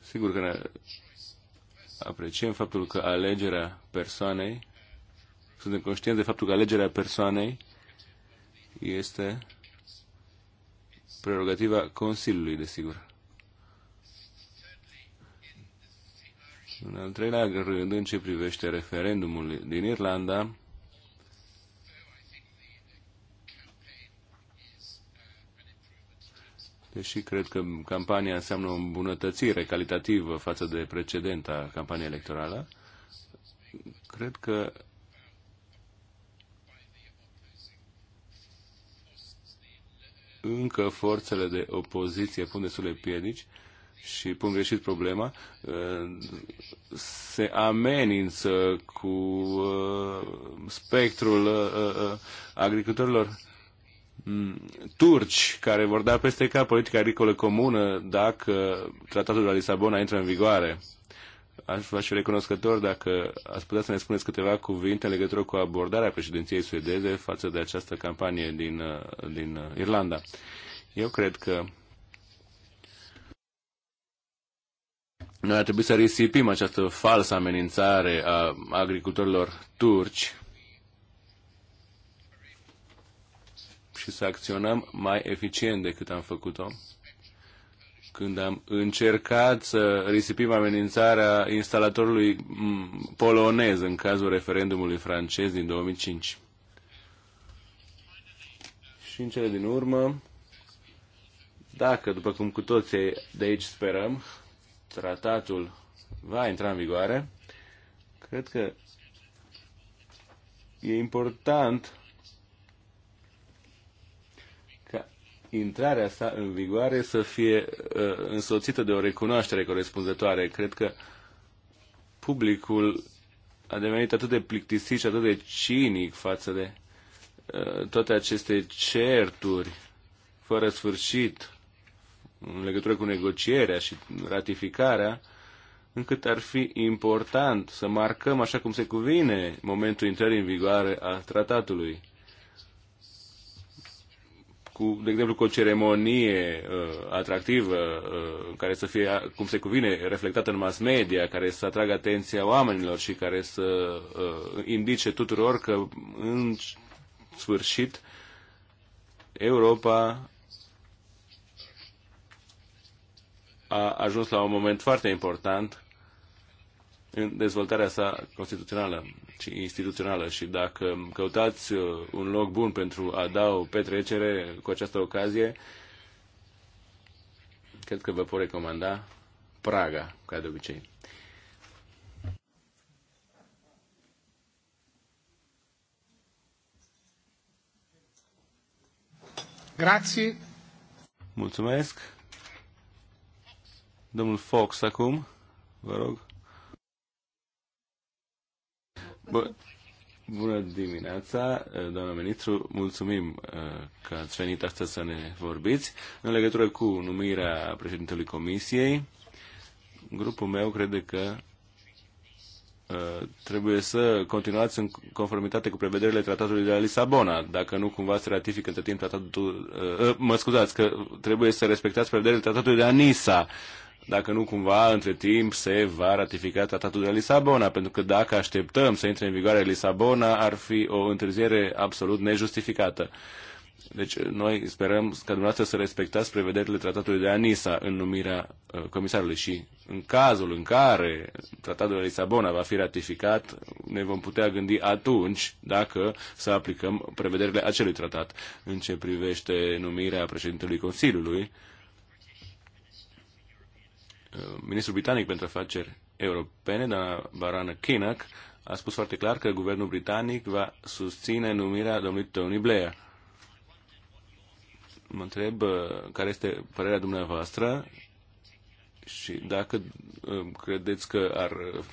Sigur că apreciem faptul că alegerea persoanei, suntem conștienți de faptul că alegerea persoanei este prerogativa Consiliului, desigur. În al treilea rând, în ce privește referendumul din Irlanda, deși cred că campania înseamnă o îmbunătățire calitativă față de precedenta campanie electorală, cred că încă forțele de opoziție pun de piedici și pun greșit problema, se amenință cu uh, spectrul uh, uh, agricultorilor Mm, turci care vor da peste cap politica agricolă comună dacă tratatul de la Lisabona intră în vigoare. Aș vrea și recunoscător dacă ați putea să ne spuneți câteva cuvinte în legătură cu abordarea președinției suedeze față de această campanie din, uh, din uh, Irlanda. Eu cred că noi ar trebui să risipim această falsă amenințare a agricultorilor turci și să acționăm mai eficient decât am făcut-o când am încercat să risipim amenințarea instalatorului polonez în cazul referendumului francez din 2005. Și în cele din urmă, dacă, după cum cu toții de aici sperăm, tratatul va intra în vigoare, cred că e important intrarea sa în vigoare să fie uh, însoțită de o recunoaștere corespunzătoare. Cred că publicul a devenit atât de plictisit și atât de cinic față de uh, toate aceste certuri fără sfârșit în legătură cu negocierea și ratificarea, încât ar fi important să marcăm așa cum se cuvine momentul intrării în vigoare a tratatului cu, de exemplu, cu o ceremonie uh, atractivă, uh, care să fie, cum se cuvine, reflectată în mass media, care să atragă atenția oamenilor și care să uh, indice tuturor că, în sfârșit, Europa a ajuns la un moment foarte important în dezvoltarea sa constituțională și instituțională și dacă căutați uh, un loc bun pentru a da o petrecere cu această ocazie, cred că vă pot recomanda Praga, ca de obicei. Grazie. Mulțumesc. Domnul Fox acum, vă rog. Bună dimineața, doamna ministru. Mulțumim uh, că ați venit astăzi să ne vorbiți. În legătură cu numirea președintelui Comisiei, grupul meu crede că uh, trebuie să continuați în conformitate cu prevederile tratatului de la Lisabona, dacă nu cumva se ratifică între timp tratatul, uh, mă scuzați, că trebuie să respectați prevederile tratatului de la Nisa, dacă nu cumva între timp se va ratifica tratatul de la Lisabona, pentru că dacă așteptăm să intre în vigoare Lisabona, ar fi o întârziere absolut nejustificată. Deci noi sperăm ca dumneavoastră să respectați prevederile tratatului de Anisa în numirea uh, comisarului și în cazul în care tratatul de Lisabona va fi ratificat, ne vom putea gândi atunci dacă să aplicăm prevederile acelui tratat în ce privește numirea președintelui Consiliului. Uh, ministrul britanic pentru afaceri europene, doamna Barana Kinnock, a spus foarte clar că guvernul britanic va susține numirea domnului Tony Blair. Mă întreb uh, care este părerea dumneavoastră și dacă uh, credeți că ar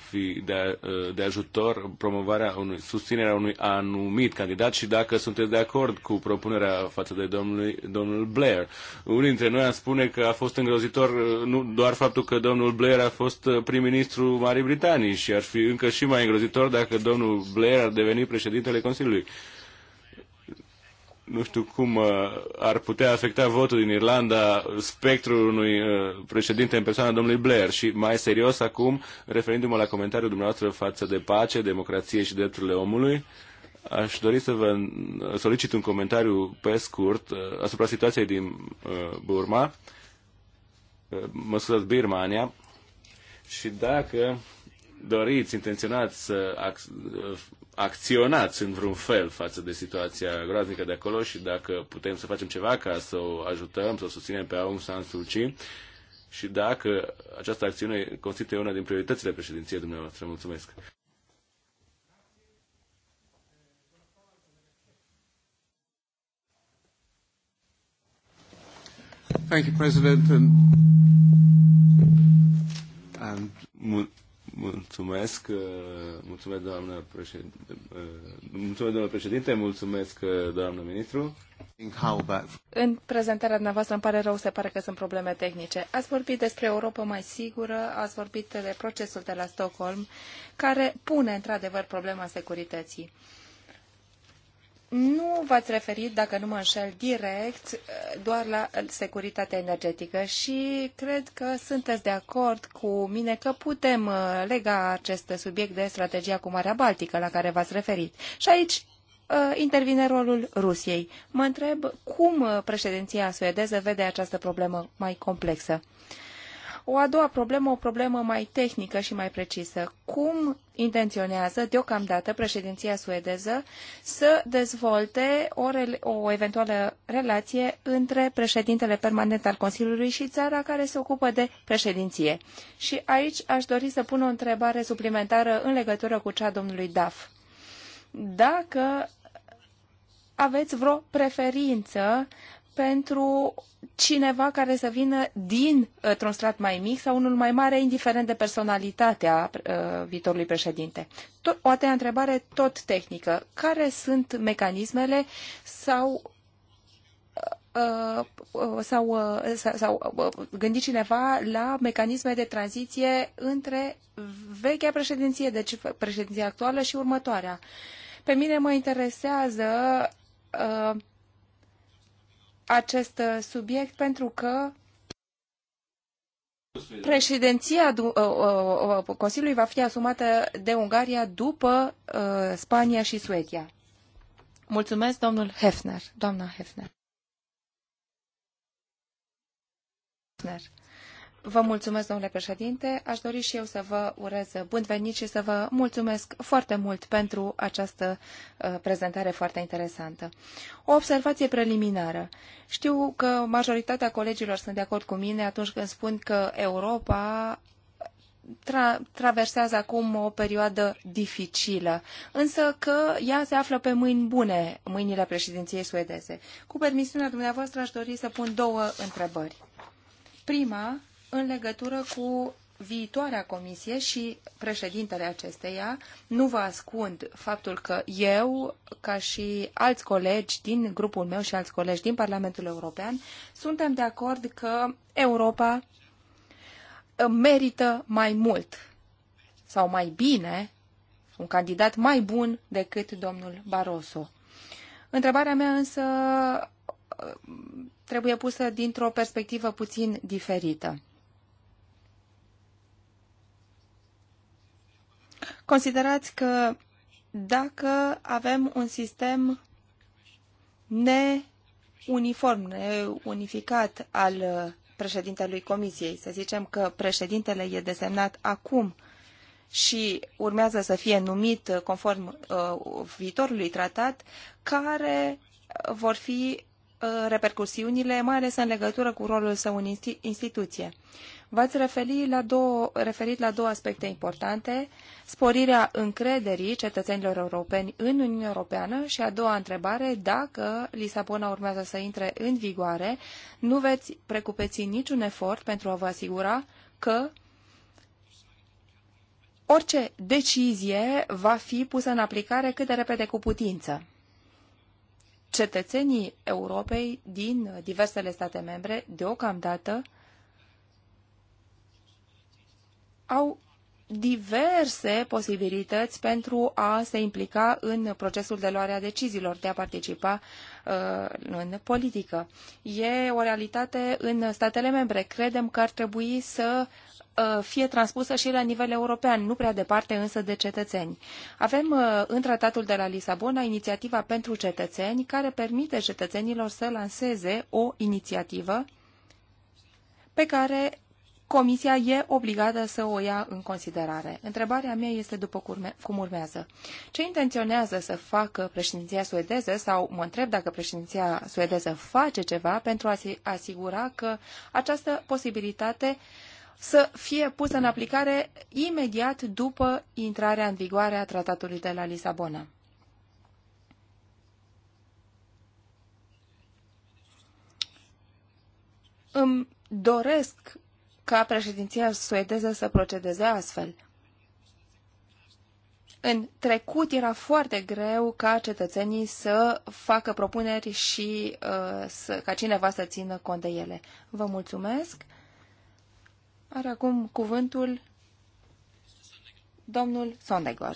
fi de, uh, de ajutor promovarea unui, susținerea unui anumit candidat și dacă sunteți de acord cu propunerea față de domnului, domnul Blair. unul dintre noi am spune că a fost îngrozitor uh, nu doar faptul că domnul Blair a fost prim-ministru Marii Britanii și ar fi încă și mai îngrozitor dacă domnul Blair ar deveni președintele Consiliului. Uh, nu știu cum uh, ar putea afecta votul din Irlanda spectrul unui uh, președinte în persoana domnului Blair și mai serios acum, referindu-mă la comentariul dumneavoastră față de pace, democrație și drepturile omului, aș dori să vă uh, solicit un comentariu pe scurt asupra situației din Burma, mă scuzați, Birmania, și dacă doriți, intenționați să acționați în vreun fel față de situația groaznică de acolo și dacă putem să facem ceva ca să o ajutăm, să o susținem pe Aung San Suu Kyi și dacă această acțiune constituie una din prioritățile președinției dumneavoastră. Mulțumesc! Thank you, President. And, and... Mulțumesc, uh, mulțumesc doamnă uh, președinte, mulțumesc doamnă președinte, mulțumesc doamnă ministru. În prezentarea dumneavoastră îmi pare rău, se pare că sunt probleme tehnice. Ați vorbit despre Europa mai sigură, ați vorbit de procesul de la Stockholm, care pune într-adevăr problema securității. Nu v-ați referit, dacă nu mă înșel direct, eh, doar la securitatea energetică și cred că sunteți de acord cu mine că putem eh, lega acest subiect de strategia cu Marea Baltică la care v-ați referit. Și aici eh, intervine rolul Rusiei. Mă întreb cum președinția suedeză vede această problemă mai complexă. Uh, o a doua problemă, o problemă mai tehnică și mai precisă. Cum intenționează deocamdată președinția suedeză să dezvolte o, o eventuală relație între președintele permanent al Consiliului și țara care se ocupă de președinție? Și aici aș dori să pun o întrebare suplimentară în legătură cu cea domnului Daf. Dacă aveți vreo preferință pentru cineva care să vină dintr-un strat mai mic sau unul mai mare, indiferent de personalitatea uh, viitorului președinte. Tot, o altă întrebare tot tehnică. Care sunt mecanismele sau uh, uh, sau, sau, sau gândit cineva la mecanisme de tranziție între vechea președinție, deci președinția actuală și următoarea. Pe mine mă interesează uh, acest uh, subiect pentru că Președinția uh, uh, Consiliului va fi asumată de Ungaria după Spania și Suedia. Mulțumesc, domnul Hefner. Doamna Hefner. Hefner. Vă mulțumesc, domnule președinte. Aș dori și eu să vă urez bun venit și să vă mulțumesc foarte mult pentru această uh, prezentare foarte interesantă. O observație preliminară. Știu că majoritatea colegilor sunt de acord cu mine atunci când spun că Europa tra- traversează acum o perioadă dificilă, însă că ea se află pe mâini bune, mâinile președinției suedeze. Cu permisiunea dumneavoastră aș dori să pun două întrebări. Prima în legătură cu viitoarea comisie și președintele acesteia. Nu vă ascund faptul că eu, ca și alți colegi din grupul meu și alți colegi din Parlamentul European, suntem de acord că Europa uh, merită mai mult sau mai bine un candidat mai bun decât domnul Barroso. Întrebarea mea însă uh, trebuie pusă dintr-o perspectivă puțin diferită. Considerați că dacă avem un sistem neuniform, neunificat al uh, președintelui Comisiei, să zicem că președintele e desemnat acum și urmează să fie numit conform uh, viitorului tratat, care vor fi uh, repercusiunile, mai ales în legătură cu rolul său în instituție. Uh, V-ați referit la două, aspecte importante, sporirea încrederii cetățenilor europeni în Uniunea Europeană și a doua întrebare, dacă Lisabona urmează să intre în vigoare, nu veți precupeți niciun efort pentru a vă asigura că orice decizie va fi pusă în aplicare cât de repede cu putință cetățenii Europei din diversele state membre, deocamdată, au diverse posibilități pentru a se implica în procesul de luare a deciziilor, de a participa uh, în politică. E o realitate în statele membre. Credem că ar trebui să uh, fie transpusă și la nivel european, nu prea departe însă de cetățeni. Avem uh, în tratatul de la Lisabona inițiativa pentru cetățeni care permite cetățenilor să lanseze o inițiativă pe care Comisia e obligată să o ia în considerare. Întrebarea mea este după cum urmează. Ce intenționează să facă președinția suedeză sau mă întreb dacă președinția suedeză face ceva pentru a se asigura că această posibilitate să fie pusă în aplicare imediat după intrarea în vigoare a tratatului de la Lisabona. Îmi doresc ca președinția suedeză să procedeze astfel. În trecut era foarte greu ca cetățenii să facă propuneri și uh, să, ca cineva să țină cont de ele. Vă mulțumesc. Are acum cuvântul domnul Sondegor.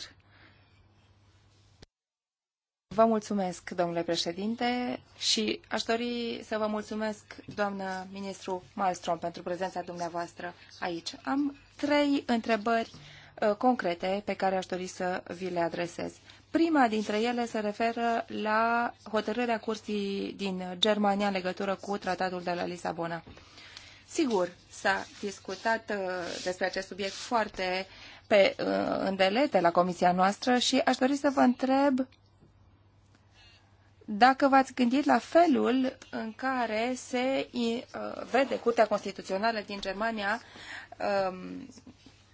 Vă mulțumesc, domnule președinte, și aș dori să vă mulțumesc, doamnă ministru Malmström, pentru prezența dumneavoastră aici. Am trei întrebări uh, concrete pe care aș dori să vi le adresez. Prima dintre ele se referă la hotărârea curții din Germania în legătură cu tratatul de la Lisabona. Sigur, s-a discutat uh, despre acest subiect foarte pe uh, îndelete la comisia noastră și aș dori să vă întreb dacă v-ați gândit la felul în care se uh, vede Curtea Constituțională din Germania um,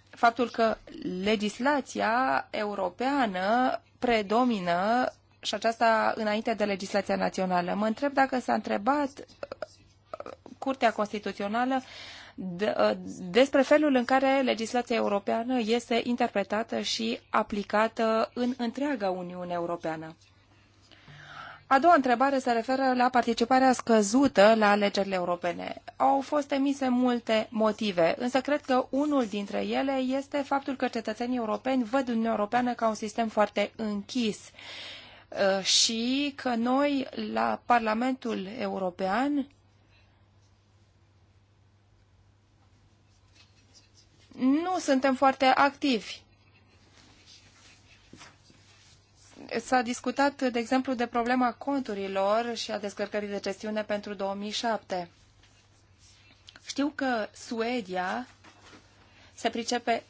faptul că legislația europeană predomină și aceasta înainte de legislația națională. Mă întreb dacă s-a întrebat uh, Curtea Constituțională uh, despre felul în care legislația europeană este interpretată și aplicată în întreaga Uniune Europeană. A doua întrebare se referă la participarea scăzută la alegerile europene. Au fost emise multe motive, însă cred că unul dintre ele este faptul că cetățenii europeni văd Uniunea Europeană ca un sistem foarte închis uh, și că noi la Parlamentul European nu suntem foarte activi S-a discutat, de exemplu, de problema conturilor și a descărcării de gestiune pentru 2007. Știu că Suedia se pricepe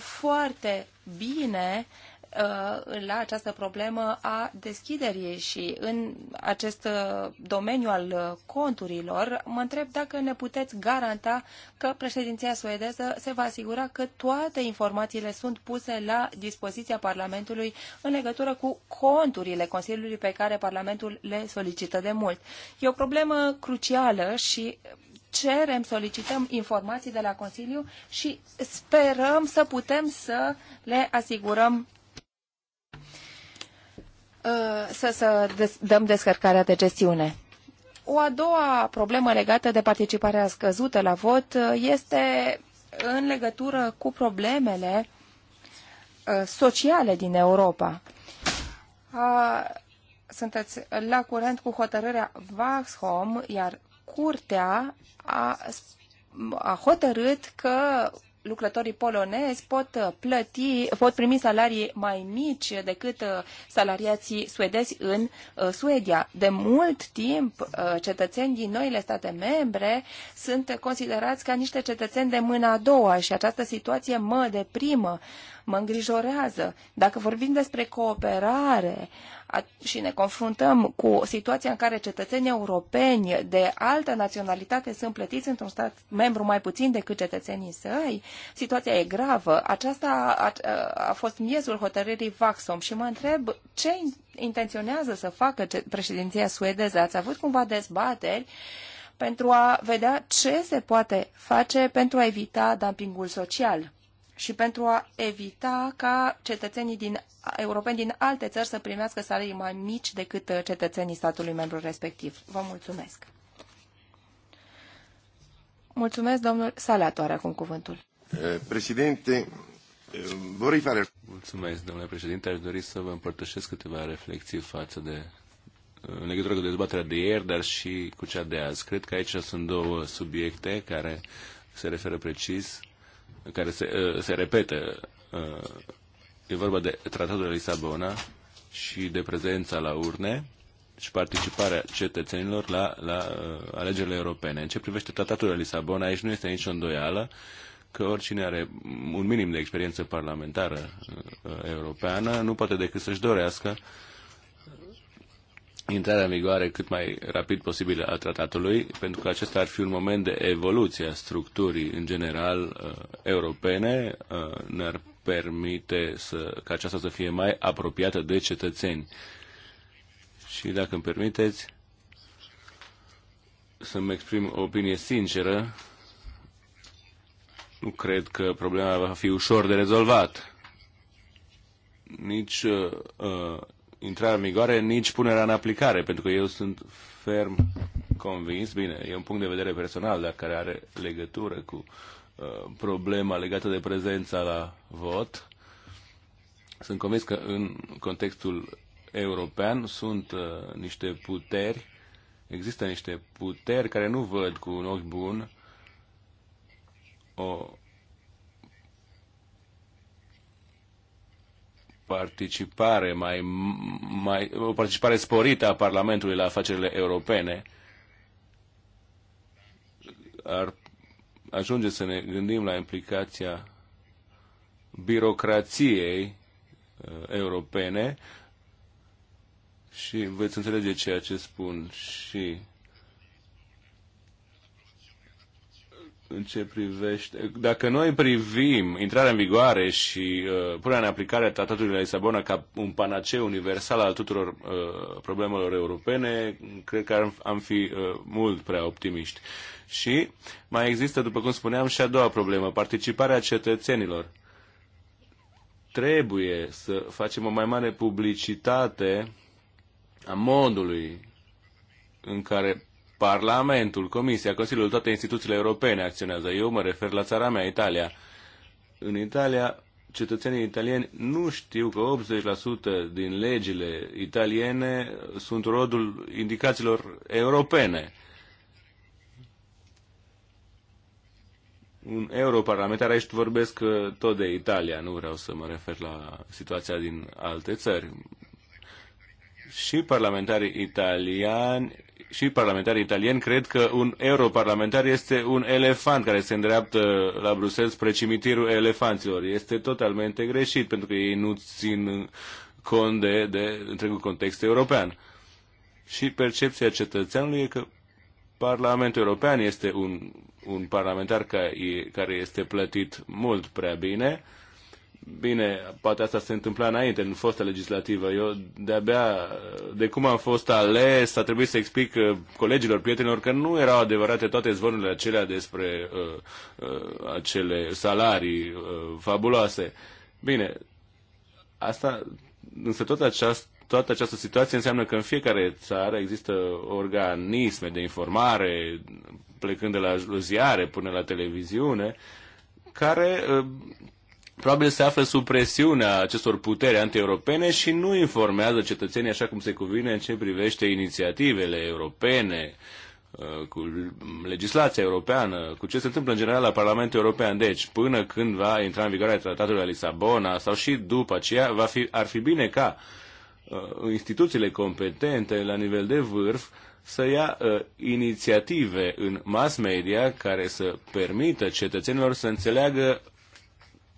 foarte bine Uh, la această problemă a deschiderii și în acest uh, domeniu al uh, conturilor, mă întreb dacă ne puteți garanta că președinția suedeză se va asigura că toate informațiile sunt puse la dispoziția Parlamentului în legătură cu conturile Consiliului pe care Parlamentul le solicită de mult. E o problemă crucială și cerem, solicităm informații de la Consiliu și sperăm să putem să le asigurăm Uh, să, să dăm descărcarea de gestiune. O a doua problemă legată de participarea scăzută la vot uh, este în legătură cu problemele uh, sociale din Europa. Sunteți la curent cu hotărârea Vaxholm, iar curtea a, a hotărât că lucrătorii polonezi pot uh, plăti, pot primi salarii mai mici decât uh, salariații suedezi în uh, Suedia. De mult timp, cetățeni din noile state membre sunt considerați ca niște cetățeni de mâna a doua și această situație mă deprimă mă îngrijorează. Dacă vorbim despre cooperare și ne confruntăm cu situația în care cetățenii europeni de altă naționalitate sunt plătiți într-un stat membru mai puțin decât cetățenii săi, situația e gravă. Aceasta a, a fost miezul hotărârii Vaxom și mă întreb ce intenționează să facă președinția suedeză. Ați avut cumva dezbateri pentru a vedea ce se poate face pentru a evita dumpingul social și pentru a evita ca cetățenii din, europeni din alte țări să primească salarii mai mici decât uh, cetățenii statului membru respectiv. Vă mulțumesc! Mulțumesc, domnul Salatoare, acum cuvântul. Eh, președinte, eh, vorrei fare... Mulțumesc, domnule președinte. Aș dori să vă împărtășesc câteva reflexii față de în legătură cu dezbaterea de ieri, dar și cu cea de azi. Cred că aici sunt două subiecte care se referă precis care se, uh, se repetă. Uh, e vorba de Tratatul de Lisabona și de prezența la urne și participarea cetățenilor la, la uh, alegerile europene. În ce privește Tratatul de Lisabona, aici nu este nicio îndoială că oricine are un minim de experiență parlamentară europeană nu poate decât să-și dorească uh, intrarea în vigoare cât mai rapid posibil a tratatului, pentru că acesta ar fi un moment de evoluție a structurii în general uh, europene, uh, ne-ar permite să, ca aceasta să fie mai apropiată de cetățeni. Și dacă îmi permiteți să-mi exprim o opinie sinceră, nu cred că problema va fi ușor de rezolvat. Nici uh, uh intrarea în vigoare, nici punerea în aplicare, pentru că eu sunt ferm convins, bine, e un punct de vedere personal, dar care are legătură cu uh, problema legată de prezența la vot. Sunt convins că în contextul european sunt uh, niște puteri, există niște puteri care nu văd cu un ochi bun o participare mai, mai, o participare sporită a Parlamentului la afacerile europene, ar ajunge să ne gândim la implicația birocrației uh, europene și veți înțelege ceea ce spun și în ce privește, dacă noi privim intrarea în vigoare și uh, punerea în aplicare a tratatului de la Lisabona ca un panaceu universal al tuturor uh, problemelor europene, cred că am, am fi uh, mult prea optimiști. Și mai există, după cum spuneam, și a doua problemă, participarea cetățenilor. Trebuie să facem o mai mare publicitate a modului în care Parlamentul, Comisia, Consiliul, toate instituțiile europene acționează. Eu mă refer la țara mea, Italia. În Italia, cetățenii italieni nu știu că 80% din legile italiene sunt rodul indicațiilor europene. un europarlamentar, aici vorbesc uh, tot de Italia, nu vreau să mă refer la situația din alte țări. Și parlamentarii italiani și parlamentarii italieni cred că un europarlamentar este un elefant care se îndreaptă la Bruxelles spre cimitirul elefanților. Este totalmente greșit pentru că ei nu țin cont de, de întregul context european. Și percepția cetățeanului e că Parlamentul European este un, un parlamentar care, care este plătit mult prea bine, uh, Bine, poate asta se întâmpla înainte, în fostă legislativă. Eu de-abia, de cum am fost ales, a trebuit să explic uh, colegilor, prietenilor, că nu erau adevărate toate zvonurile acelea despre uh, uh, acele salarii uh, fabuloase. Bine, asta, însă tot aceast, toată această situație înseamnă că în fiecare țară există organisme de informare, plecând de la ziare până la televiziune, care uh, probabil se află sub presiunea acestor puteri antieuropene și nu informează cetățenii așa cum se cuvine în ce privește inițiativele europene, uh, cu legislația europeană, cu ce se întâmplă în general la Parlamentul European. Deci, până când va intra în vigoare tratatul de la Lisabona sau și după aceea, va fi, ar fi bine ca uh, instituțiile competente la nivel de vârf să ia uh, inițiative în mass media care să permită cetățenilor să înțeleagă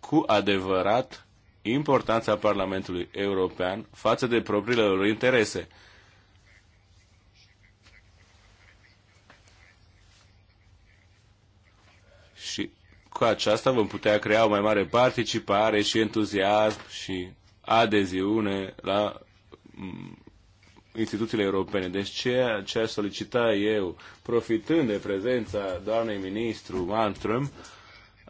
cu adevărat importanța Parlamentului European față de propriile lor interese. Și cu aceasta vom putea crea o mai mare participare și entuziasm și adeziune la mm, instituțiile europene. Deci ceea ce aș solicita eu, profitând de prezența doamnei ministru Malmström,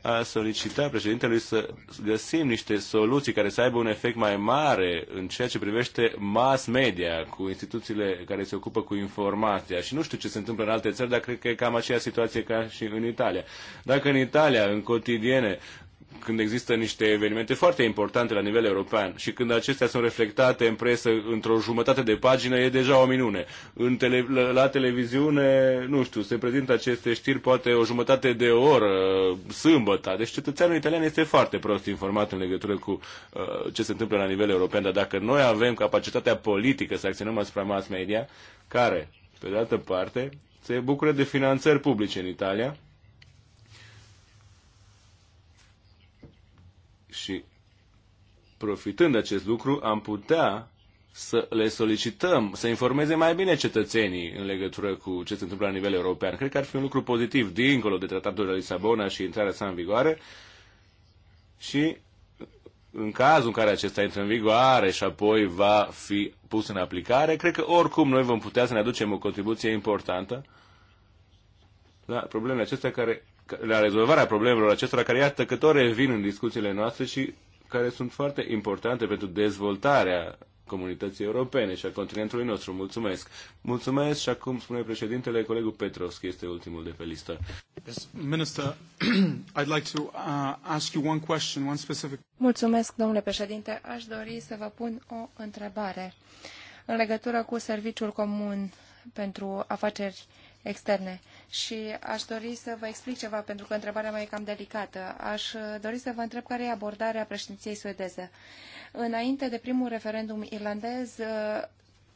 a solicita președintelui să găsim niște soluții care să aibă un efect mai mare în ceea ce privește mass media, cu instituțiile care se ocupă cu informația. Și nu știu ce se întâmplă în alte țări, dar cred că e cam aceeași situație ca și în Italia. Dacă în Italia, în cotidiene, când există niște evenimente foarte importante la nivel european și când acestea sunt reflectate în presă într-o jumătate de pagină, e deja o minune. În tele, la televiziune, nu știu, se prezintă aceste știri poate o jumătate de oră, sâmbătă. Deci cetățeanul italian este foarte prost informat în legătură cu uh, ce se întâmplă la nivel european, dar dacă noi avem capacitatea politică să acționăm asupra mass media, care, pe de altă parte, se bucură de finanțări publice în Italia, Și profitând de acest lucru, am putea să le solicităm să informeze mai bine cetățenii în legătură cu ce se întâmplă la nivel european. Cred că ar fi un lucru pozitiv, dincolo de tratatul de Lisabona și intrarea sa în vigoare. Și în cazul în care acesta intră în vigoare și apoi va fi pus în aplicare, cred că oricum noi vom putea să ne aducem o contribuție importantă la problemele acestea care la rezolvarea problemelor acestora, care iată câte ore vin în discuțiile noastre și care sunt foarte importante pentru dezvoltarea comunității europene și a continentului nostru. Mulțumesc! Mulțumesc și acum spune președintele, colegul Petrovski este ultimul de pe listă. Mulțumesc, domnule președinte. Aș dori să vă pun o întrebare în legătură cu Serviciul Comun pentru Afaceri Externe și aș dori să vă explic ceva, pentru că întrebarea mea e cam delicată. Aș dori să vă întreb care e abordarea președinției suedeze. Înainte de primul referendum irlandez,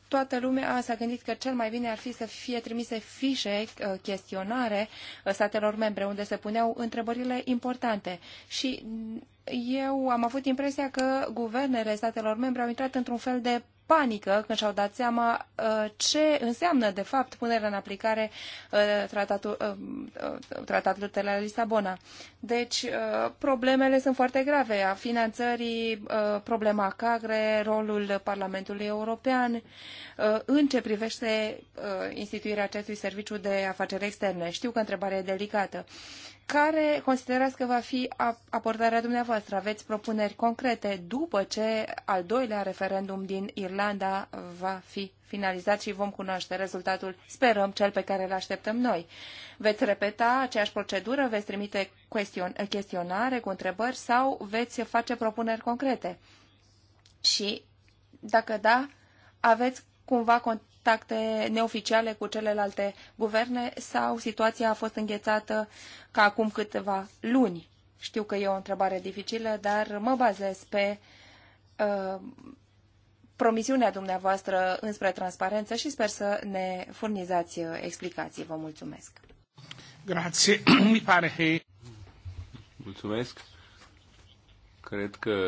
toată lumea s-a gândit că cel mai bine ar fi să fie trimise fișe, uh, chestionare uh, statelor membre, unde se puneau întrebările importante. Și eu am avut impresia că guvernele statelor membre au intrat într-un fel de panică când și-au dat seama uh, ce înseamnă, de fapt, punerea în aplicare uh, tratatul, uh, tratatul de la Lisabona. Deci, problemele sunt foarte grave. A finanțării, problema CAGRE, rolul Parlamentului European, în ce privește instituirea acestui serviciu de afaceri externe. Știu că întrebarea e delicată care considerați că va fi aportarea dumneavoastră? Aveți propuneri concrete după ce al doilea referendum din Irlanda va fi finalizat și vom cunoaște rezultatul, sperăm, cel pe care îl așteptăm noi. Veți repeta aceeași procedură, veți trimite chestionare cu întrebări sau veți face propuneri concrete? Și, dacă da, aveți cumva contacte neoficiale cu celelalte guverne sau situația a fost înghețată ca acum câteva luni? Știu că e o întrebare dificilă, dar mă bazez pe uh, promisiunea dumneavoastră înspre transparență și sper să ne furnizați explicații. Vă mulțumesc. Grazie. [CLEARS THROAT] Mi pare că... Mulțumesc. Cred că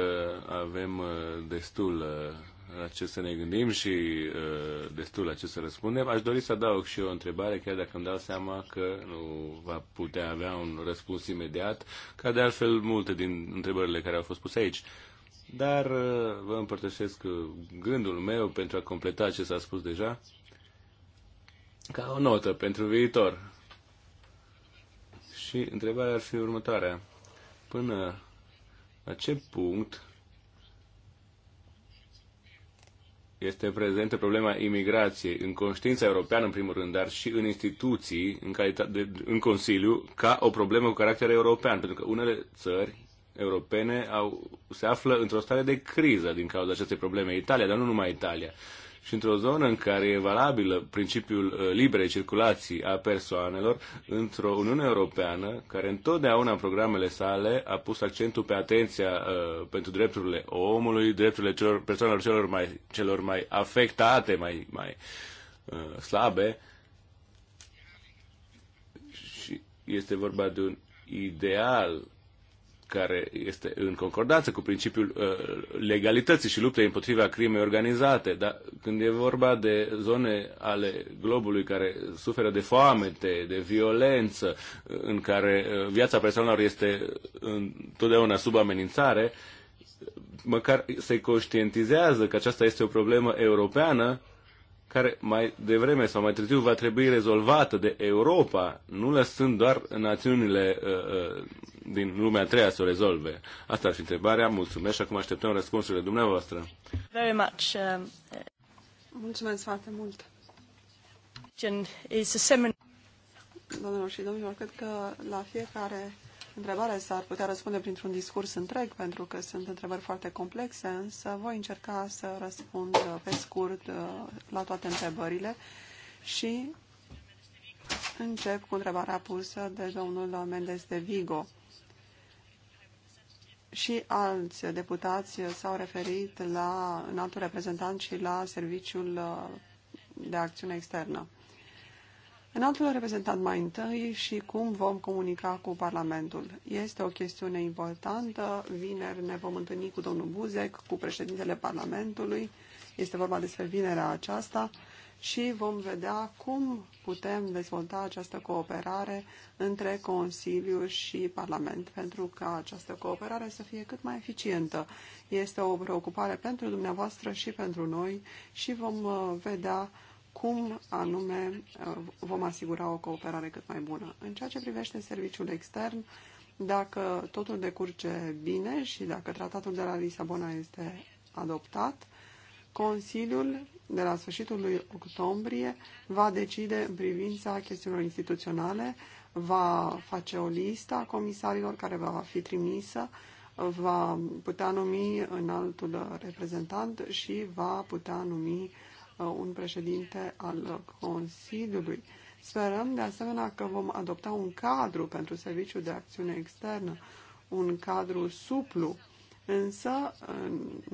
avem uh, destul uh, la ce să ne gândim și uh, destul la ce să răspundem. Aș dori să adaug și eu o întrebare, chiar dacă îmi dau seama că nu va putea avea un răspuns imediat, ca de altfel multe din întrebările care au fost puse aici. Dar uh, vă împărtășesc gândul meu pentru a completa ce s-a spus deja, ca o notă pentru viitor. Și întrebarea ar fi următoarea. Până la ce punct este prezentă problema imigrației în conștiința europeană, în primul rând, dar și în instituții, în, calitate, în Consiliu, ca o problemă cu caracter european, pentru că unele țări europene au, se află într-o stare de criză din cauza acestei probleme. Italia, dar nu numai Italia și într-o zonă în care e valabil principiul uh, liberei circulații a persoanelor, într-o Uniune Europeană care întotdeauna în programele sale a pus accentul pe atenția uh, pentru drepturile omului, drepturile celor, persoanelor celor mai, celor mai afectate, mai, mai uh, slabe. Și este vorba de un ideal care este în concordanță cu principiul uh, legalității și luptei împotriva crimei organizate, dar când e vorba de zone ale globului care suferă de foamete, de violență, în care uh, viața persoanelor este întotdeauna sub amenințare, măcar se conștientizează că aceasta este o problemă europeană care mai devreme sau mai târziu va trebui rezolvată de Europa, nu lăsând doar națiunile uh, uh din lumea a treia să o rezolve? Asta ar fi întrebarea. Mulțumesc și acum așteptăm răspunsurile dumneavoastră. Very much, um... Uh, Mulțumesc foarte mult. Is a semin- și domnilor, cred că la fiecare întrebare s-ar putea răspunde printr-un discurs întreg, pentru că sunt întrebări foarte complexe, însă voi încerca să răspund uh, pe scurt uh, la toate întrebările și încep cu întrebarea pusă de domnul Mendes de Vigo și alți deputați s-au referit la înaltul reprezentant și la serviciul uh, de acțiune externă. Înaltul reprezentant mai întâi și cum vom comunica cu Parlamentul. Este o chestiune importantă. Vineri ne vom întâlni cu domnul Buzec, cu președintele Parlamentului. Este vorba despre vinerea aceasta și vom vedea cum putem dezvolta această cooperare între Consiliu și Parlament, pentru ca această cooperare să fie cât mai eficientă. Este o preocupare pentru dumneavoastră și pentru noi și vom uh, vedea cum anume uh, vom asigura o cooperare cât mai bună. În ceea ce privește serviciul extern, dacă totul decurge bine și dacă tratatul de la Lisabona este adoptat, Consiliul de la sfârșitul lui octombrie va decide în privința chestiunilor instituționale, va face o listă a comisarilor care va fi trimisă, va putea numi altul reprezentant și va putea numi uh, un președinte al Consiliului. Sperăm de asemenea că vom adopta un cadru pentru serviciul de acțiune externă, un cadru suplu, însă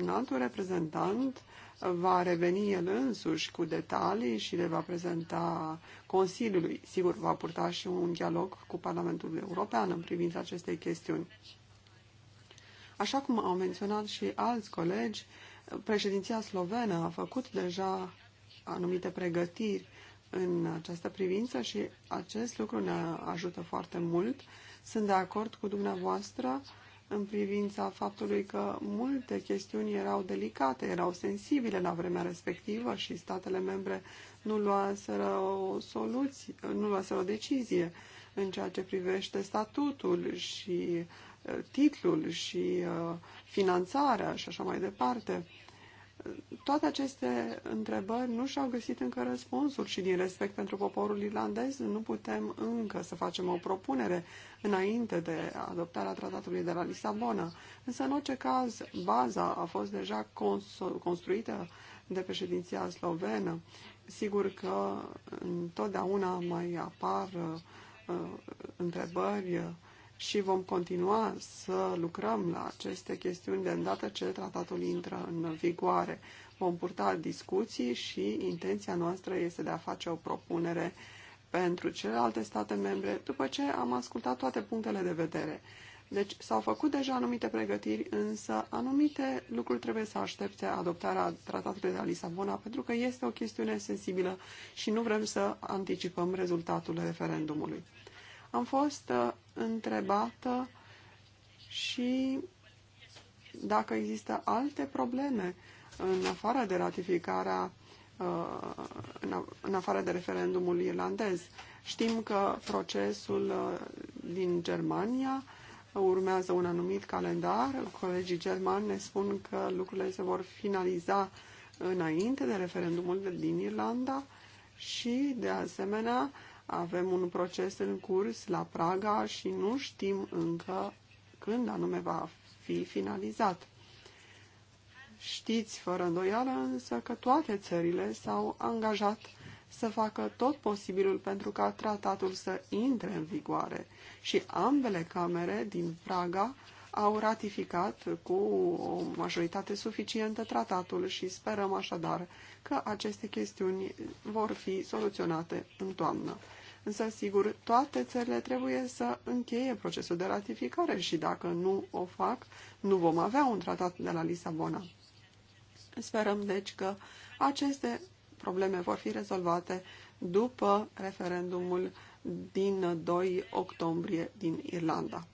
altul reprezentant va reveni el însuși cu detalii și le va prezenta Consiliului. Sigur, va purta și un dialog cu Parlamentul European în privința acestei chestiuni. Așa cum au menționat și alți colegi, președinția slovenă a făcut deja anumite pregătiri în această privință și acest lucru ne ajută foarte mult. Sunt de acord cu dumneavoastră în privința faptului că multe chestiuni erau delicate, erau sensibile la vremea respectivă și statele membre nu luaseră o soluție, nu luaseră o decizie în ceea ce privește statutul și eh, titlul și eh, finanțarea și așa mai departe. Toate aceste întrebări nu și-au găsit încă răspunsul și din respect pentru poporul irlandez nu putem încă să facem o propunere înainte de adoptarea tratatului de la Lisabona. Însă, în orice caz, baza a fost deja construită de președinția slovenă. Sigur că întotdeauna mai apar uh, întrebări și vom continua să lucrăm la aceste chestiuni de îndată ce tratatul intră în vigoare. Vom purta discuții și intenția noastră este de a face o propunere pentru celelalte state membre după ce am ascultat toate punctele de vedere. Deci s-au făcut deja anumite pregătiri, însă anumite lucruri trebuie să aștepte adoptarea tratatului de la Lisabona, pentru că este o chestiune sensibilă și nu vrem să anticipăm rezultatul referendumului. Am fost uh, întrebată și dacă există alte probleme în afară de ratificarea, uh, în afară de referendumul irlandez. Știm că procesul uh, din Germania urmează un anumit calendar. Colegii germani ne spun că lucrurile se vor finaliza înainte de referendumul din Irlanda și, de asemenea, avem un proces în curs la Praga și nu știm încă când anume va fi finalizat. Știți fără îndoială însă că toate țările s-au angajat să facă tot posibilul pentru ca tratatul să intre în vigoare și ambele camere din Praga au ratificat cu o majoritate suficientă tratatul și sperăm așadar că aceste chestiuni vor fi soluționate în toamnă. Însă, sigur, toate țările trebuie să încheie procesul de ratificare și dacă nu o fac, nu vom avea un tratat de la Lisabona. Sperăm, deci, că aceste probleme vor fi rezolvate după referendumul din 2 octombrie din Irlanda.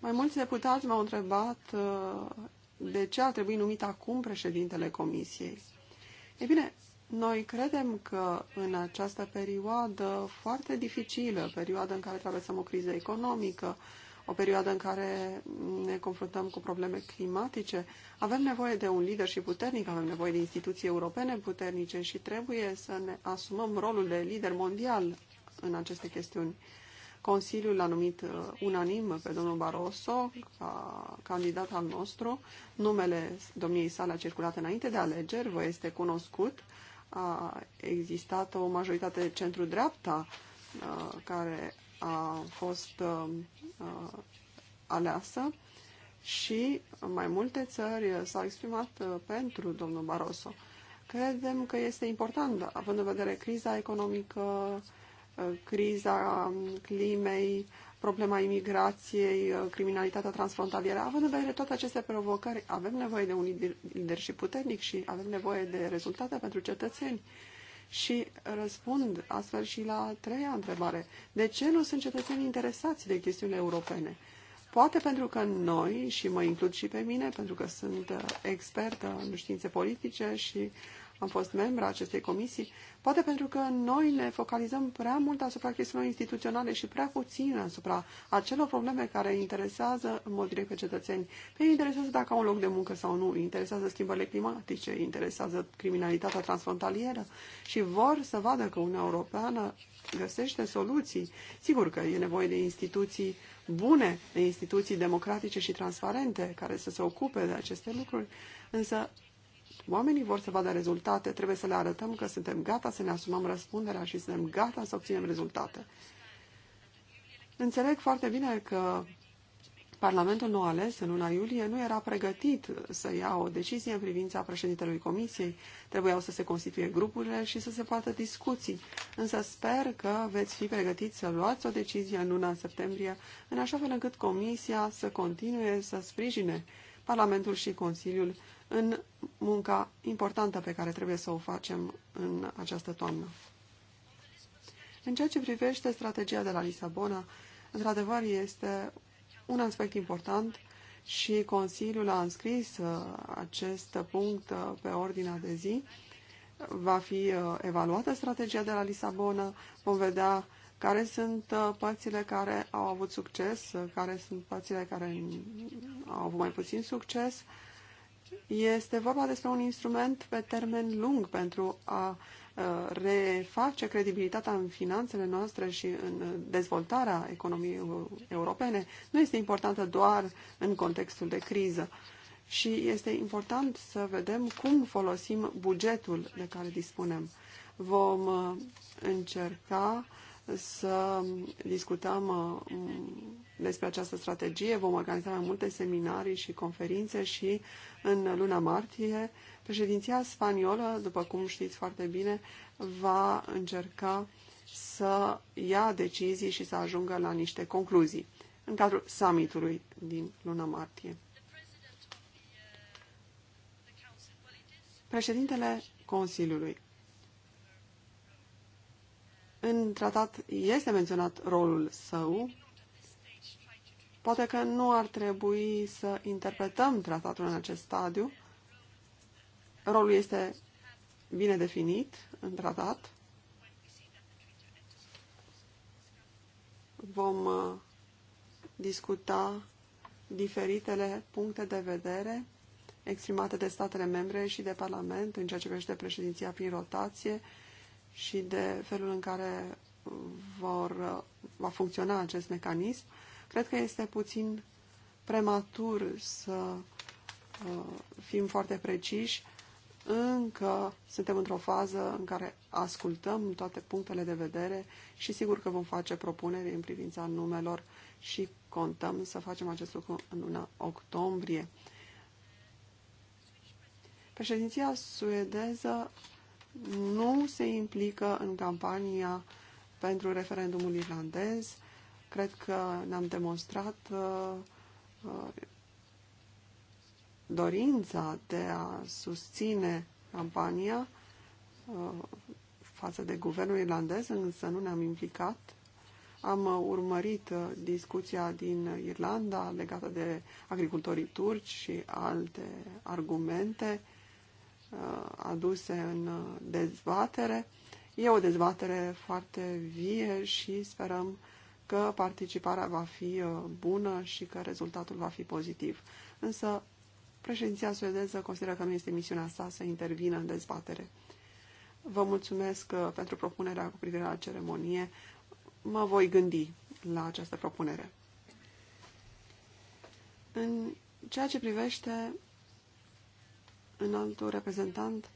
Mai mulți deputați m-au întrebat uh, de ce ar trebui numit acum președintele Comisiei. E bine, noi credem că în această perioadă foarte dificilă, perioadă în care traversăm o criză economică, o perioadă în care ne confruntăm cu probleme climatice, avem nevoie de un lider și puternic, avem nevoie de instituții europene puternice și trebuie să ne asumăm rolul de lider mondial în aceste chestiuni. Consiliul l-a numit uh, unanim pe domnul Barroso ca candidat al nostru. Numele domniei sale a circulat înainte de alegeri, vă este cunoscut a existat o majoritate centru-dreapta care a fost aleasă și mai multe țări s-au exprimat pentru domnul Barroso. Credem că este important, având în vedere criza economică, criza climei, problema imigrației, uh, criminalitatea transfrontalieră. Având în vedere toate aceste provocări, avem nevoie de un leadership puternic și avem nevoie de rezultate pentru cetățeni. Și răspund astfel și la treia întrebare. De ce nu sunt cetățenii interesați de chestiuni europene? Poate pentru că noi, și mă includ și pe mine, pentru că sunt uh, expertă în științe politice și am fost membra acestei comisii, poate pentru că noi ne focalizăm prea mult asupra chestiunilor instituționale și prea puțin asupra acelor probleme care interesează în mod direct pe cetățeni. Pe ei interesează dacă au un loc de muncă sau nu, interesează schimbările climatice, interesează criminalitatea transfrontalieră și vor să vadă că Uniunea Europeană găsește soluții. Sigur că e nevoie de instituții bune, de instituții democratice și transparente care să se ocupe de aceste lucruri, însă Oamenii vor să vadă rezultate, trebuie să le arătăm că suntem gata să ne asumăm răspunderea și suntem gata să obținem rezultate. Înțeleg foarte bine că Parlamentul nou ales în luna iulie nu era pregătit să ia o decizie în privința președintelui Comisiei. Trebuiau să se constituie grupurile și să se poată discuții. Însă sper că veți fi pregătiți să luați o decizie în luna septembrie, în așa fel încât Comisia să continue să sprijine Parlamentul și Consiliul în munca importantă pe care trebuie să o facem în această toamnă. În ceea ce privește strategia de la Lisabona, într-adevăr este un aspect important și Consiliul a înscris uh, acest punct uh, pe ordinea de zi. Va fi uh, evaluată strategia de la Lisabona, vom vedea care sunt părțile care au avut succes, care sunt părțile care au avut mai puțin succes, este vorba despre un instrument pe termen lung pentru a uh, reface credibilitatea în finanțele noastre și în uh, dezvoltarea economiei europene. Nu este importantă doar în contextul de criză. Și este important să vedem cum folosim bugetul de care dispunem. Vom uh, încerca să discutăm despre această strategie. Vom organiza mai multe seminarii și conferințe și în luna martie președinția spaniolă, după cum știți foarte bine, va încerca să ia decizii și să ajungă la niște concluzii în cadrul summitului din luna martie. Președintele Consiliului. În tratat este menționat rolul său Poate că nu ar trebui să interpretăm tratatul în acest stadiu. Rolul este bine definit în tratat. Vom uh, discuta diferitele puncte de vedere exprimate de statele membre și de Parlament în ceea ce privește președinția prin rotație și de felul în care vor, uh, va funcționa acest mecanism. Cred că este puțin prematur să uh, fim foarte preciși. Încă suntem într-o fază în care ascultăm toate punctele de vedere și sigur că vom face propuneri în privința numelor și contăm să facem acest lucru în luna octombrie. Președinția suedeză nu se implică în campania pentru referendumul irlandez. Cred că ne-am demonstrat uh, uh, dorința de a susține campania uh, față de guvernul irlandez, însă nu ne-am implicat. Am urmărit discuția din Irlanda legată de agricultorii turci și alte argumente aduse în dezbatere. E o dezbatere foarte vie și sperăm că participarea va fi uh, bună și că rezultatul va fi pozitiv. Însă președinția suedeză consideră că nu este misiunea sa să intervină în dezbatere. Vă mulțumesc uh, pentru propunerea cu privire la ceremonie. Mă voi gândi la această propunere. În ceea ce privește în altul reprezentant,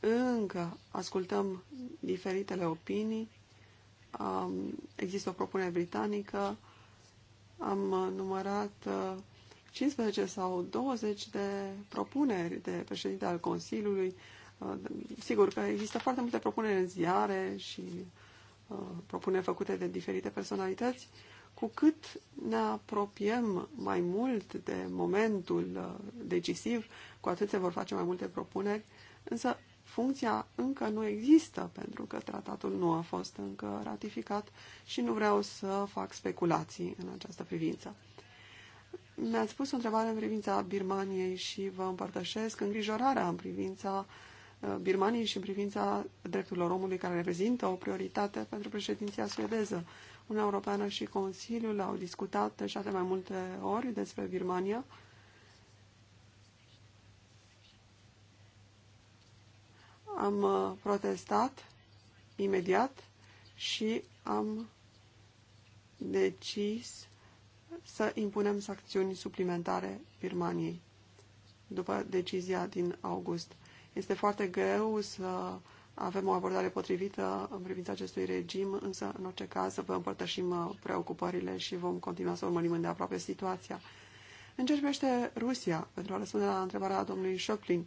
încă ascultăm diferitele opinii um, există o propunere britanică, am uh, numărat uh, 15 sau 20 de propuneri de președinte al Consiliului. Uh, sigur că există foarte multe propuneri în ziare și uh, propuneri făcute de diferite personalități. Cu cât ne apropiem mai mult de momentul uh, decisiv, cu atât se vor face mai multe propuneri, însă funcția încă nu există pentru că tratatul nu a fost încă ratificat și nu vreau să fac speculații în această privință. Mi-ați pus o întrebare în privința Birmaniei și vă împărtășesc îngrijorarea în privința uh, Birmaniei și în privința drepturilor omului, care reprezintă o prioritate pentru președinția suedeză. Uniunea Europeană și Consiliul au discutat deja de mai multe ori despre Birmania, am uh, protestat imediat și am decis să impunem sancțiuni suplimentare Birmaniei după decizia din august. Este foarte greu să avem o abordare potrivită în privința acestui regim, însă, în orice caz, să vă împărtășim uh, preocupările și vom continua să urmărim îndeaproape situația. În ce privește Rusia, pentru a răspunde la întrebarea domnului Șoplin,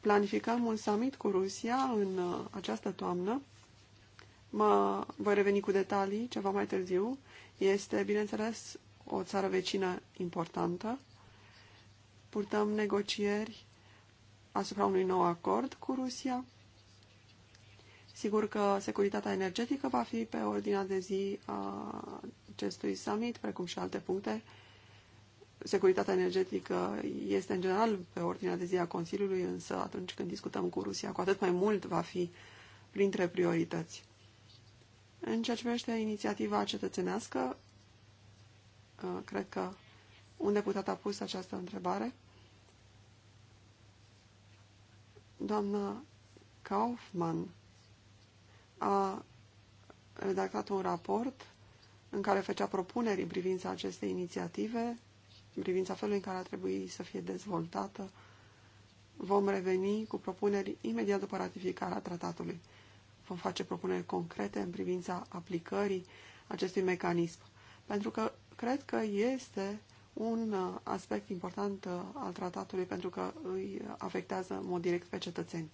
planificăm un summit cu Rusia în uh, această toamnă. Mă voi reveni cu detalii ceva mai târziu. Este, bineînțeles, o țară vecină importantă. Purtăm negocieri asupra unui nou acord cu Rusia. Sigur că securitatea energetică va fi pe ordinea de zi a acestui summit, precum și alte puncte securitatea energetică este în general pe ordinea de zi a Consiliului, însă atunci când discutăm cu Rusia, cu atât mai mult va fi printre priorități. În ceea ce privește inițiativa cetățenească, uh, cred că un deputat a pus această întrebare. Doamna Kaufmann a redactat un raport în care făcea propuneri în privința acestei inițiative în privința felului în care ar trebui să fie dezvoltată. Vom reveni cu propuneri imediat după ratificarea tratatului. Vom face propuneri concrete în privința aplicării acestui mecanism, pentru că cred că este un uh, aspect important uh, al tratatului pentru că îi afectează în mod direct pe cetățeni.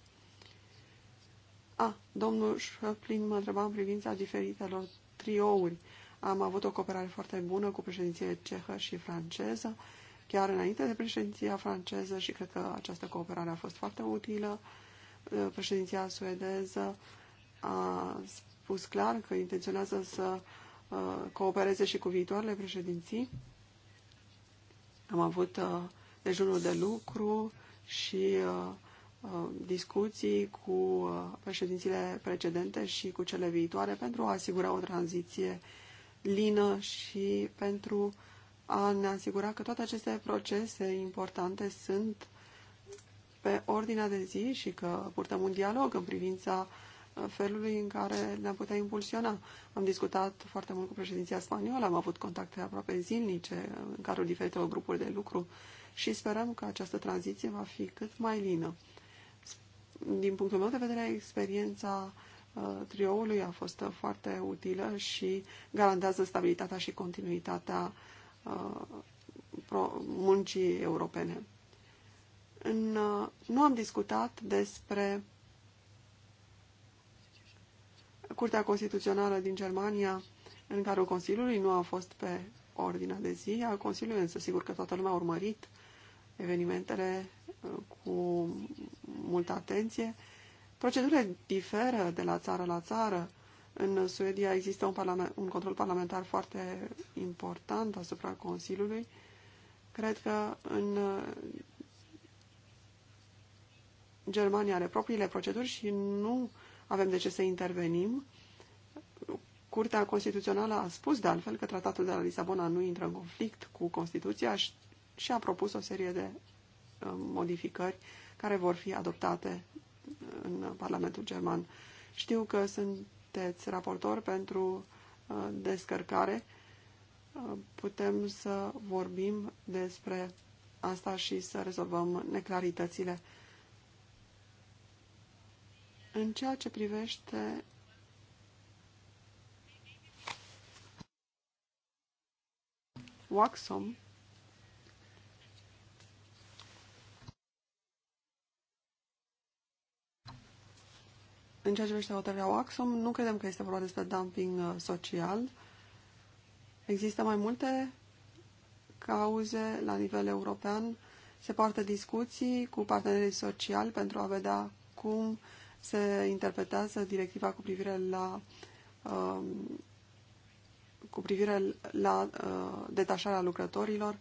A, domnul Șăplin mă întreba în privința diferitelor triouri. Uh, am avut o cooperare foarte bună cu președinția cehă și franceză, chiar înainte de președinția franceză și cred că această cooperare a fost foarte utilă. Uh, președinția suedeză a spus clar că intenționează să uh, coopereze și cu viitoarele președinții. Am avut uh, dejunul de lucru și discuții cu președințile precedente și cu cele viitoare pentru a asigura o tranziție uh, lină și pentru a ne asigura că toate aceste procese importante sunt pe ordinea de zi și că purtăm un dialog în privința uh, felului în care ne-am putea impulsiona. Am discutat foarte mult cu președinția spaniolă, am avut contacte aproape zilnice uh, în cadrul diferitelor grupuri de lucru și sperăm că această tranziție va fi cât mai lină. Din punctul meu de vedere, experiența trioului a fost foarte utilă și garantează stabilitatea și continuitatea muncii europene. În, nu am discutat despre Curtea Constituțională din Germania, în care Consiliului nu a fost pe ordinea de zi a Consiliului, însă sigur că toată lumea a urmărit evenimentele cu multă atenție. Procedurile diferă de la țară la țară. În Suedia există un, parlament, un control parlamentar foarte important asupra Consiliului. Cred că în Germania are propriile proceduri și nu avem de ce să intervenim. Curtea Constituțională a spus de altfel că tratatul de la Lisabona nu intră în conflict cu Constituția și a propus o serie de uh, modificări care vor fi adoptate în Parlamentul German. Știu că sunteți raportor pentru uh, descărcare. Uh, putem să vorbim despre asta și să rezolvăm neclaritățile. În ceea ce privește Waxom, În ceea ce privește hotărârea Waxom, nu credem că este vorba despre dumping uh, social. Există mai multe cauze la nivel european. Se poartă discuții cu partenerii sociali pentru a vedea cum se interpretează directiva cu privire la um, cu privire la uh, detașarea lucrătorilor.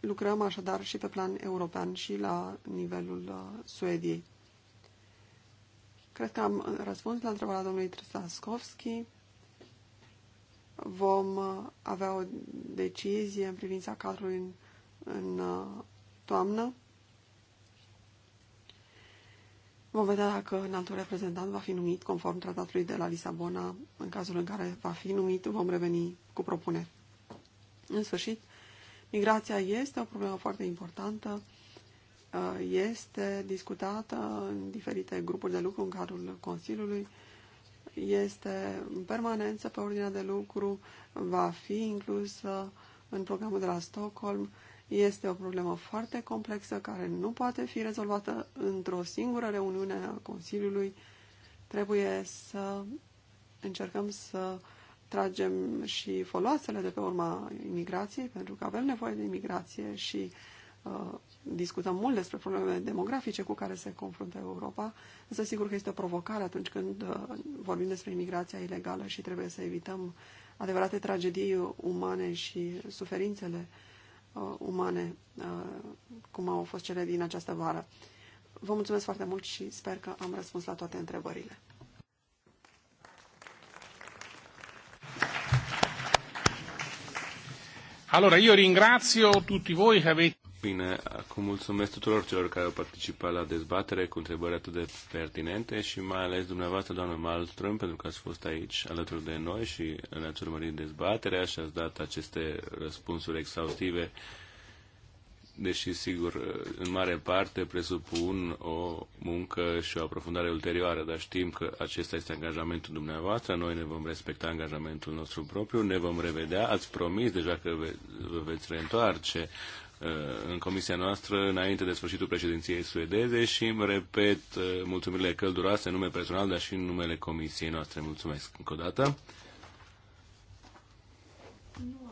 Lucrăm așadar și pe plan european și la nivelul uh, Suediei. Cred că am uh, răspuns la întrebarea domnului Trăsascovski. Vom uh, avea o decizie în privința cadrului în, în uh, toamnă. Vom vedea dacă înaltul reprezentant va fi numit conform tratatului de la Lisabona. În cazul în care va fi numit, vom reveni cu propuneri. În sfârșit, migrația este o problemă foarte importantă Uh, este discutată în diferite grupuri de lucru în cadrul Consiliului, este în permanență pe ordinea de lucru, va fi inclusă în programul de la Stockholm. Este o problemă foarte complexă care nu poate fi rezolvată într-o singură reuniune a Consiliului. Trebuie să încercăm să tragem și foloasele de pe urma imigrației, pentru că avem nevoie de imigrație și uh, discutăm mult despre problemele demografice cu care se confruntă Europa, însă sigur că este o provocare atunci când uh, vorbim despre imigrația ilegală și trebuie să evităm adevărate tragedii umane și suferințele uh, umane, uh, cum au fost cele din această vară. Vă mulțumesc foarte mult și sper că am răspuns la toate întrebările. Allora, io ringrazio tutti voi che avete... Bine, acum mulțumesc tuturor celor care au participat la dezbatere cu întrebări atât de pertinente și mai ales dumneavoastră, doamnă Malström, pentru că ați fost aici alături de noi și ne-ați urmărit dezbaterea și ați dat aceste răspunsuri exhaustive, deși, sigur, în mare parte presupun o muncă și o aprofundare ulterioară, dar știm că acesta este angajamentul dumneavoastră, noi ne vom respecta angajamentul nostru propriu, ne vom revedea, ați promis deja că ve- vă veți reîntoarce Uh, în comisia noastră înainte de sfârșitul președinției suedeze și îmi repet uh, mulțumirile călduroase în nume personal, dar și în numele comisiei noastre. Mulțumesc încă o dată. Nu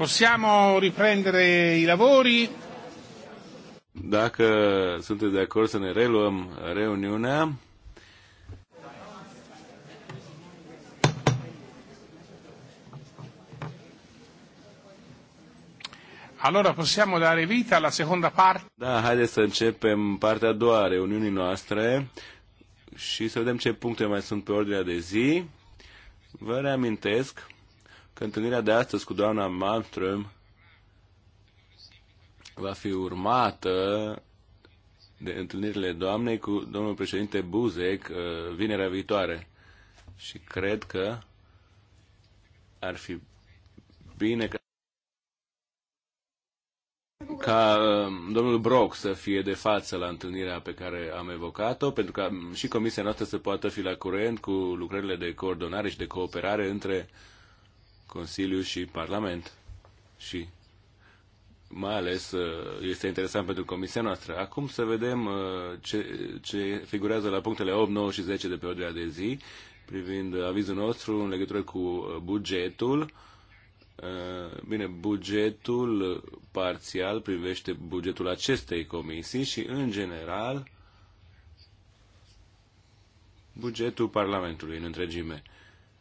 Possiamo riprendere i lavori? Dacă sunteți de acord să ne reluăm reuniunea. Allora possiamo dare vita alla seconda parte. Da, haideți să începem partea a doua a reuniunii noastre și să vedem ce puncte mai sunt pe ordinea de zi. Vă reamintesc că întâlnirea de astăzi cu doamna Malmström va fi urmată de întâlnirile doamnei cu domnul președinte Buzek uh, vinerea viitoare. Și cred că ar fi bine că ca uh, domnul Brock să fie de față la întâlnirea pe care am evocat-o, pentru că și comisia noastră să poată fi la curent cu lucrările de coordonare și de cooperare între Consiliu și Parlament. Și mai ales uh, este interesant pentru comisia noastră. Acum să vedem uh, ce, ce figurează la punctele 8, 9 și 10 de pe ordinea de zi privind avizul nostru în legătură cu uh, bugetul. Bine, bugetul parțial privește bugetul acestei comisii și, în general, bugetul Parlamentului în întregime.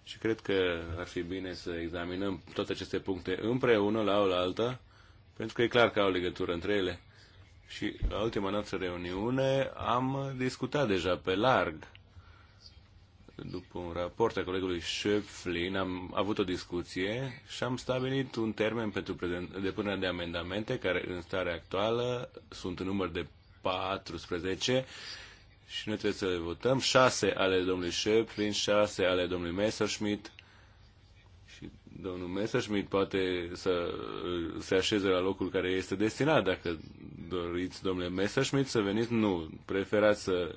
Și cred că ar fi bine să examinăm toate aceste puncte împreună, la o la alta, pentru că e clar că au legătură între ele. Și la ultima noastră reuniune am discutat deja pe larg după un raport a colegului Schöpflin, am avut o discuție și am stabilit un termen pentru depunerea de amendamente, care în starea actuală sunt în număr de 14 și noi trebuie să le votăm. 6 ale domnului Șeplin, 6 ale domnului Messerschmidt și domnul Messerschmidt poate să se așeze la locul care este destinat. Dacă doriți, domnule Messerschmidt, să veniți, nu. Preferați să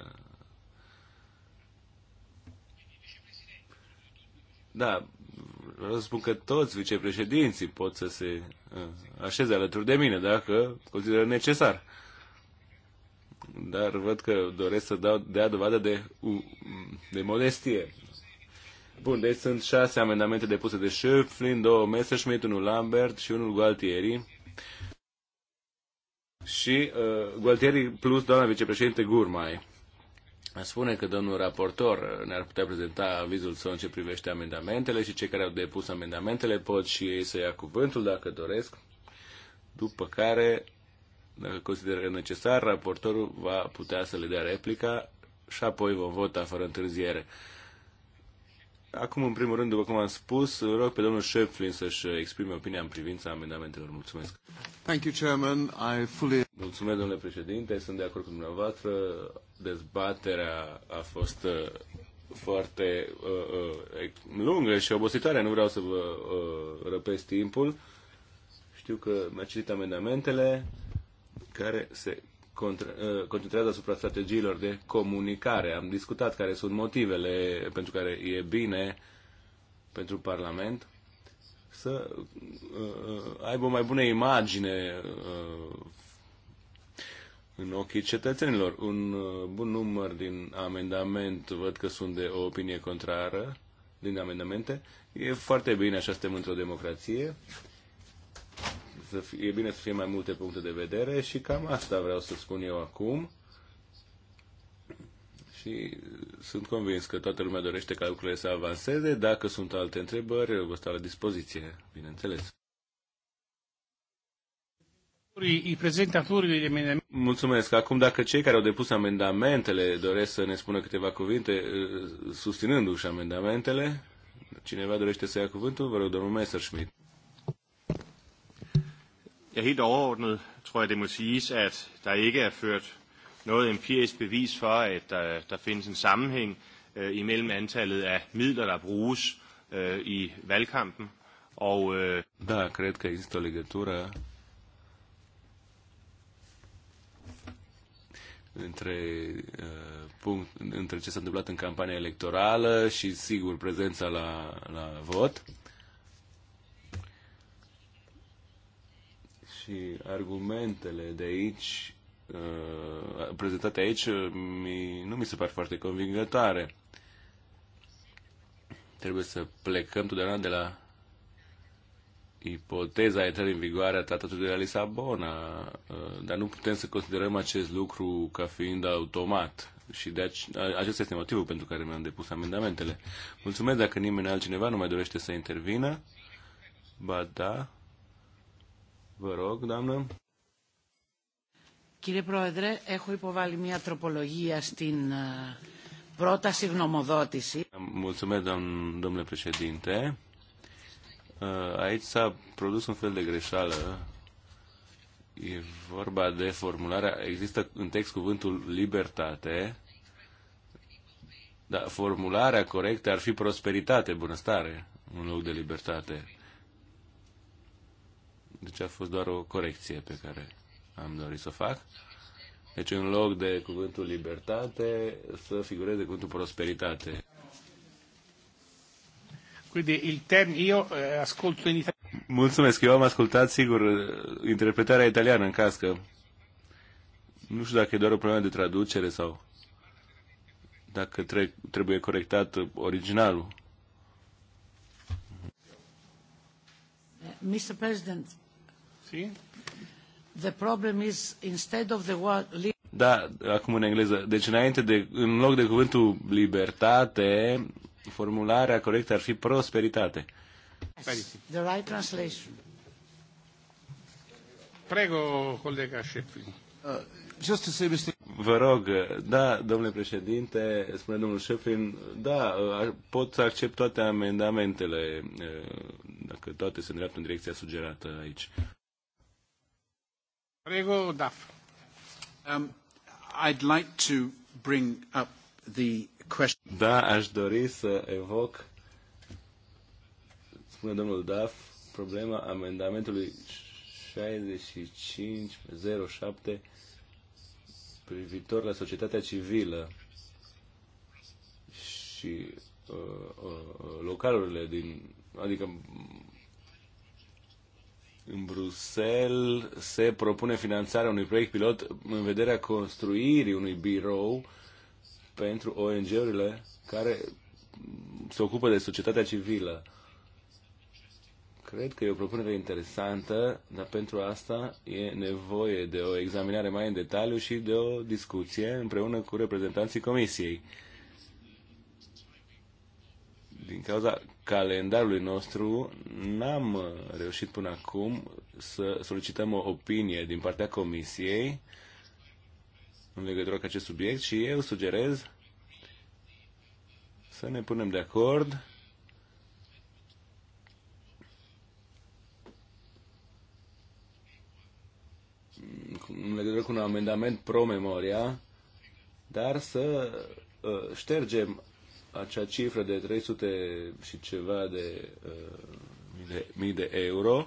Da, vreau să spun că toți vicepreședinții pot să se uh, așeze alături de mine, dacă consideră necesar dar văd că doresc să dau, dea dovadă de, de modestie. Bun, deci sunt șase amendamente depuse de Schöpflin, două Messerschmitt, unul Lambert și unul Gualtieri. Și uh, Gualtieri plus doamna vicepreședinte Gurmai. Spune că domnul raportor uh, ne-ar putea prezenta avizul său în ce privește amendamentele și cei care au depus amendamentele pot și ei să ia cuvântul dacă doresc, după care dacă consideră necesar, raportorul va putea să le dea replica și apoi vom vota fără întârziere. Acum, în primul rând, după cum am spus, rog pe domnul Șeflin să-și exprime opinia în privința amendamentelor. Mulțumesc. Thank you, Chairman. I fully... Mulțumesc, domnule președinte. Sunt de acord cu dumneavoastră. Dezbaterea a fost uh, foarte uh, uh, lungă și obositoare. Nu vreau să vă uh, răpesc timpul. Știu că mi-a citit amendamentele care se uh, concentrează asupra strategiilor de comunicare. Am discutat care sunt motivele pentru care e bine pentru Parlament să uh, uh, aibă o mai bună imagine uh, în ochii cetățenilor. Un uh, bun număr din amendament, văd că sunt de o opinie contrară din amendamente. E foarte bine, așa suntem într-o democrație. Uh, să fie, e bine să fie mai multe puncte de vedere și cam asta vreau să spun eu acum. Și sunt convins că toată lumea dorește ca lucrurile să avanseze. Dacă sunt alte întrebări, vă stau la dispoziție, bineînțeles. Mulțumesc. Acum, dacă cei care au depus amendamentele doresc să ne spună câteva cuvinte, eh, susținându-și amendamentele, cineva dorește să ia cuvântul, vă rog, domnul Messerschmidt. Ja, helt overordnet tror jeg, det må siges, at der ikke er ført noget empirisk bevis for, at der, der findes en sammenhæng øh, imellem antallet af midler, der bruges øh, i valgkampen. Og, øh... Da, cred că există legătură între, uh, punct, între ce s-a întâmplat în campania electorală și, sigur, prezența la, la vot. și argumentele de aici, uh, prezentate aici, uh, mi, nu mi se par foarte convingătoare. Trebuie să plecăm totdeauna de la ipoteza intrării în vigoare a tratatului de la Lisabona, uh, dar nu putem să considerăm acest lucru ca fiind automat. Și de ac- acesta este motivul pentru care mi-am depus amendamentele. Mulțumesc dacă nimeni altcineva nu mai dorește să intervină. Ba da, Vă rog, doamnă. Κύριε Πρόεδρε, έχω υποβάλει μια τροπολογία στην πρόταση γνωμοδότηση. Mulțumesc, domnule președinte. Aici s-a produs un fel de greșeală. E vorba de formularea, există în text cuvântul libertate, dar formularea corectă ar fi prosperitate, bunăstare, în loc de libertate. Deci a fost doar o corecție pe care am dorit să o fac. Deci în loc de cuvântul libertate să figureze cuvântul prosperitate. Quindi il term, io eh, ascolto in italiano. Mulțumesc, eu am ascultat, sigur, interpretarea italiană în cască. Nu știu dacă e doar o problemă de traducere sau dacă tre- trebuie corectat originalul. Mr. President, da, acum în engleză. Deci înainte de, în loc de cuvântul libertate, formularea corectă ar fi prosperitate. the right translation. Prego, colega Șeflin. Uh, just to say, Mr. Vă rog, da, domnule președinte, spune domnul Șeflin, da, uh, pot să accept toate amendamentele, uh, dacă toate se îndreaptă în direcția sugerată aici. Prego, Daf. Um, I'd like to bring up the question. Da, aș dori să evoc, spune domnul Daf, problema amendamentului 6507 privitor la societatea civilă și uh, uh, localurile din, adică în Bruxelles se propune finanțarea unui proiect pilot în vederea construirii unui birou pentru ONG-urile care se ocupă de societatea civilă. Cred că e o propunere interesantă, dar pentru asta e nevoie de o examinare mai în detaliu și de o discuție împreună cu reprezentanții Comisiei din cauza calendarului nostru, n-am uh, reușit până acum să solicităm o opinie din partea Comisiei în legătură cu acest subiect și eu sugerez să ne punem de acord în legătură cu un amendament pro memoria, dar să uh, ștergem acea cifră de 300 și ceva de uh, mii, de, mi de euro.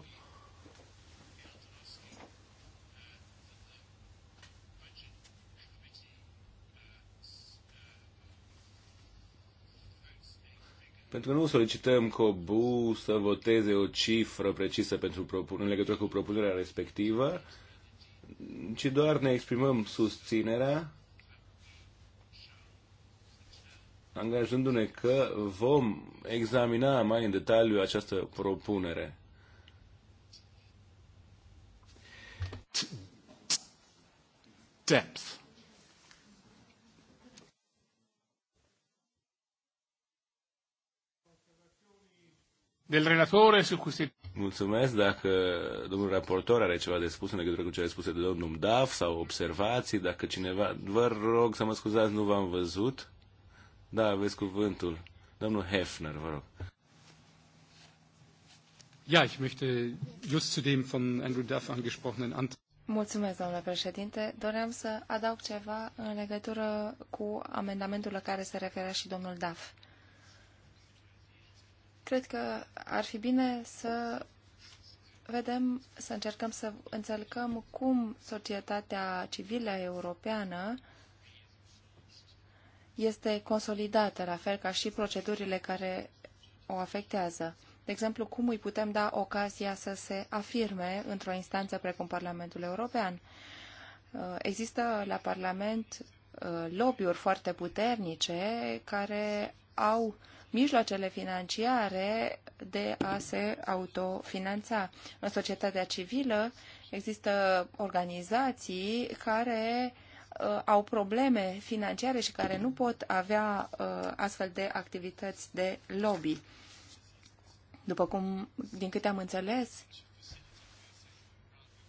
Pentru că nu solicităm COBU să voteze o cifră precisă pentru propun- în legătură cu propunerea respectivă, ci doar ne exprimăm susținerea angajându-ne că vom examina mai în detaliu această propunere. Depth. Del relatore su questi... Mulțumesc dacă domnul raportor are ceva de spus în legătură cu cele spuse de domnul Daf sau observații, dacă cineva... Vă rog să mă scuzați, nu v-am văzut. Da, aveți cuvântul. Domnul Hefner, vă rog. Ja, ich möchte just zu dem von Andrew Duff angesprochenen Antrag. Mulțumesc, domnule președinte. Doream să adaug ceva în legătură cu amendamentul la care se referea și domnul Daf. Cred că ar fi bine să vedem, să încercăm să înțelegăm cum societatea civilă europeană este consolidată, la fel ca și procedurile care o afectează. De exemplu, cum îi putem da ocazia să se afirme într-o instanță precum Parlamentul European? Uh, există la Parlament uh, lobby-uri foarte puternice care au mijloacele financiare de a se autofinanța. În societatea civilă există organizații care Uh, au probleme financiare și care nu pot avea uh, astfel de activități de lobby. După cum, din câte am înțeles,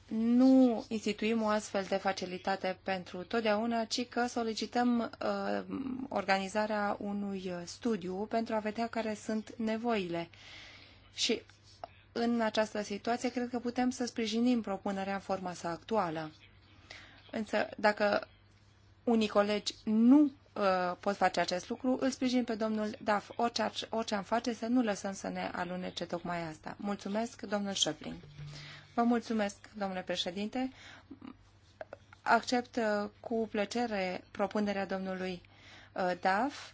nu instituim o astfel de facilitate pentru totdeauna, ci că solicităm uh, organizarea unui studiu pentru a vedea care sunt nevoile. Și în această situație cred că putem să sprijinim propunerea în forma sa actuală. Însă, dacă unii colegi nu uh, pot face acest lucru, îl sprijin pe domnul Daf. Orice, orice am face, să nu lăsăm să ne alunece tocmai asta. Mulțumesc, domnul Șöplin. Vă mulțumesc, domnule președinte. Accept uh, cu plăcere propunerea domnului uh, Daf.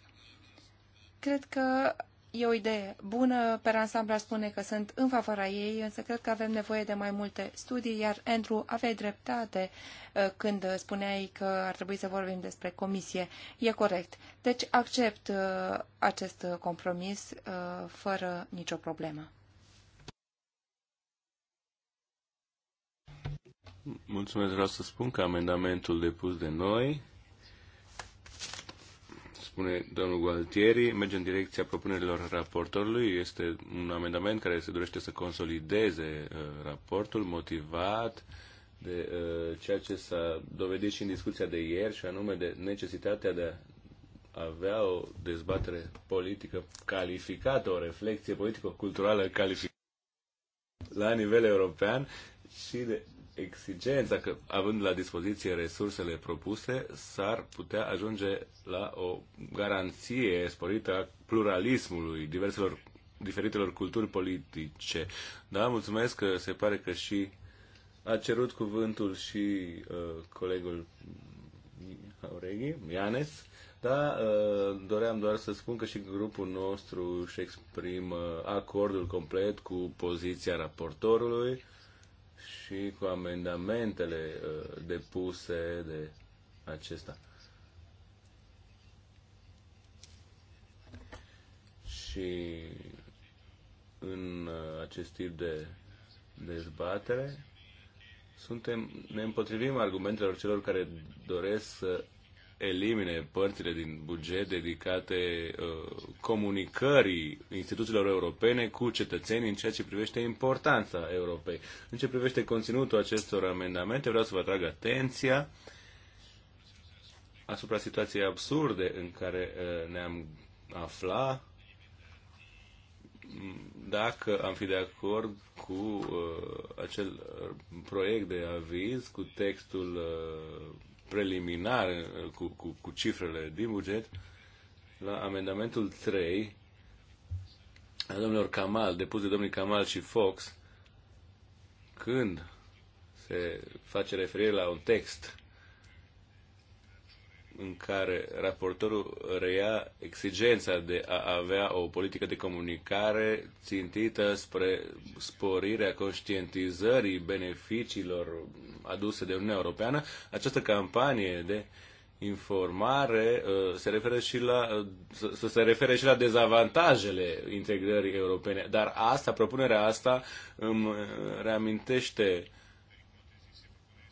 Cred că E o idee bună, pe ansamblu spune că sunt în favoarea ei, însă cred că avem nevoie de mai multe studii, iar Andrew aveai dreptate uh, când spuneai că ar trebui să vorbim despre comisie. E corect. Deci accept uh, acest compromis uh, fără nicio problemă. Mulțumesc, vreau să spun că amendamentul depus de noi spune domnul Gualtieri, merge în direcția propunerilor raportorului. Este un amendament care se dorește să consolideze uh, raportul motivat de uh, ceea ce s-a dovedit și în discuția de ieri, și anume de necesitatea de a avea o dezbatere politică calificată, o reflexie politică culturală calificată la nivel european și de exigența că, având la dispoziție resursele propuse, s-ar putea ajunge la o garanție sporită a pluralismului diverselor, diferitelor culturi politice. Da, mulțumesc că se pare că și a cerut cuvântul și uh, colegul Aureghi, Ianes, da, uh, doream doar să spun că și grupul nostru își exprimă acordul complet cu poziția raportorului și cu amendamentele uh, depuse de acesta. Și în uh, acest tip de dezbatere suntem, ne împotrivim argumentelor celor care doresc să elimine părțile din buget dedicate uh, comunicării instituțiilor europene cu cetățenii în ceea ce privește importanța Europei. În ce privește conținutul acestor amendamente, vreau să vă atrag atenția asupra situației absurde în care uh, ne-am afla dacă am fi de acord cu uh, acel uh, proiect de aviz, cu textul uh, preliminar uh, cu, cu, cu cifrele din buget, la amendamentul 3 a domnilor Camal, depus de domnii Camal și Fox, când se face referire la un text în care raportorul reia exigența de a avea o politică de comunicare țintită spre sporirea conștientizării beneficiilor aduse de Uniunea Europeană, această campanie de informare uh, se referă și la, uh, să se refere și la dezavantajele integrării europene. Dar asta, propunerea asta, îmi uh, reamintește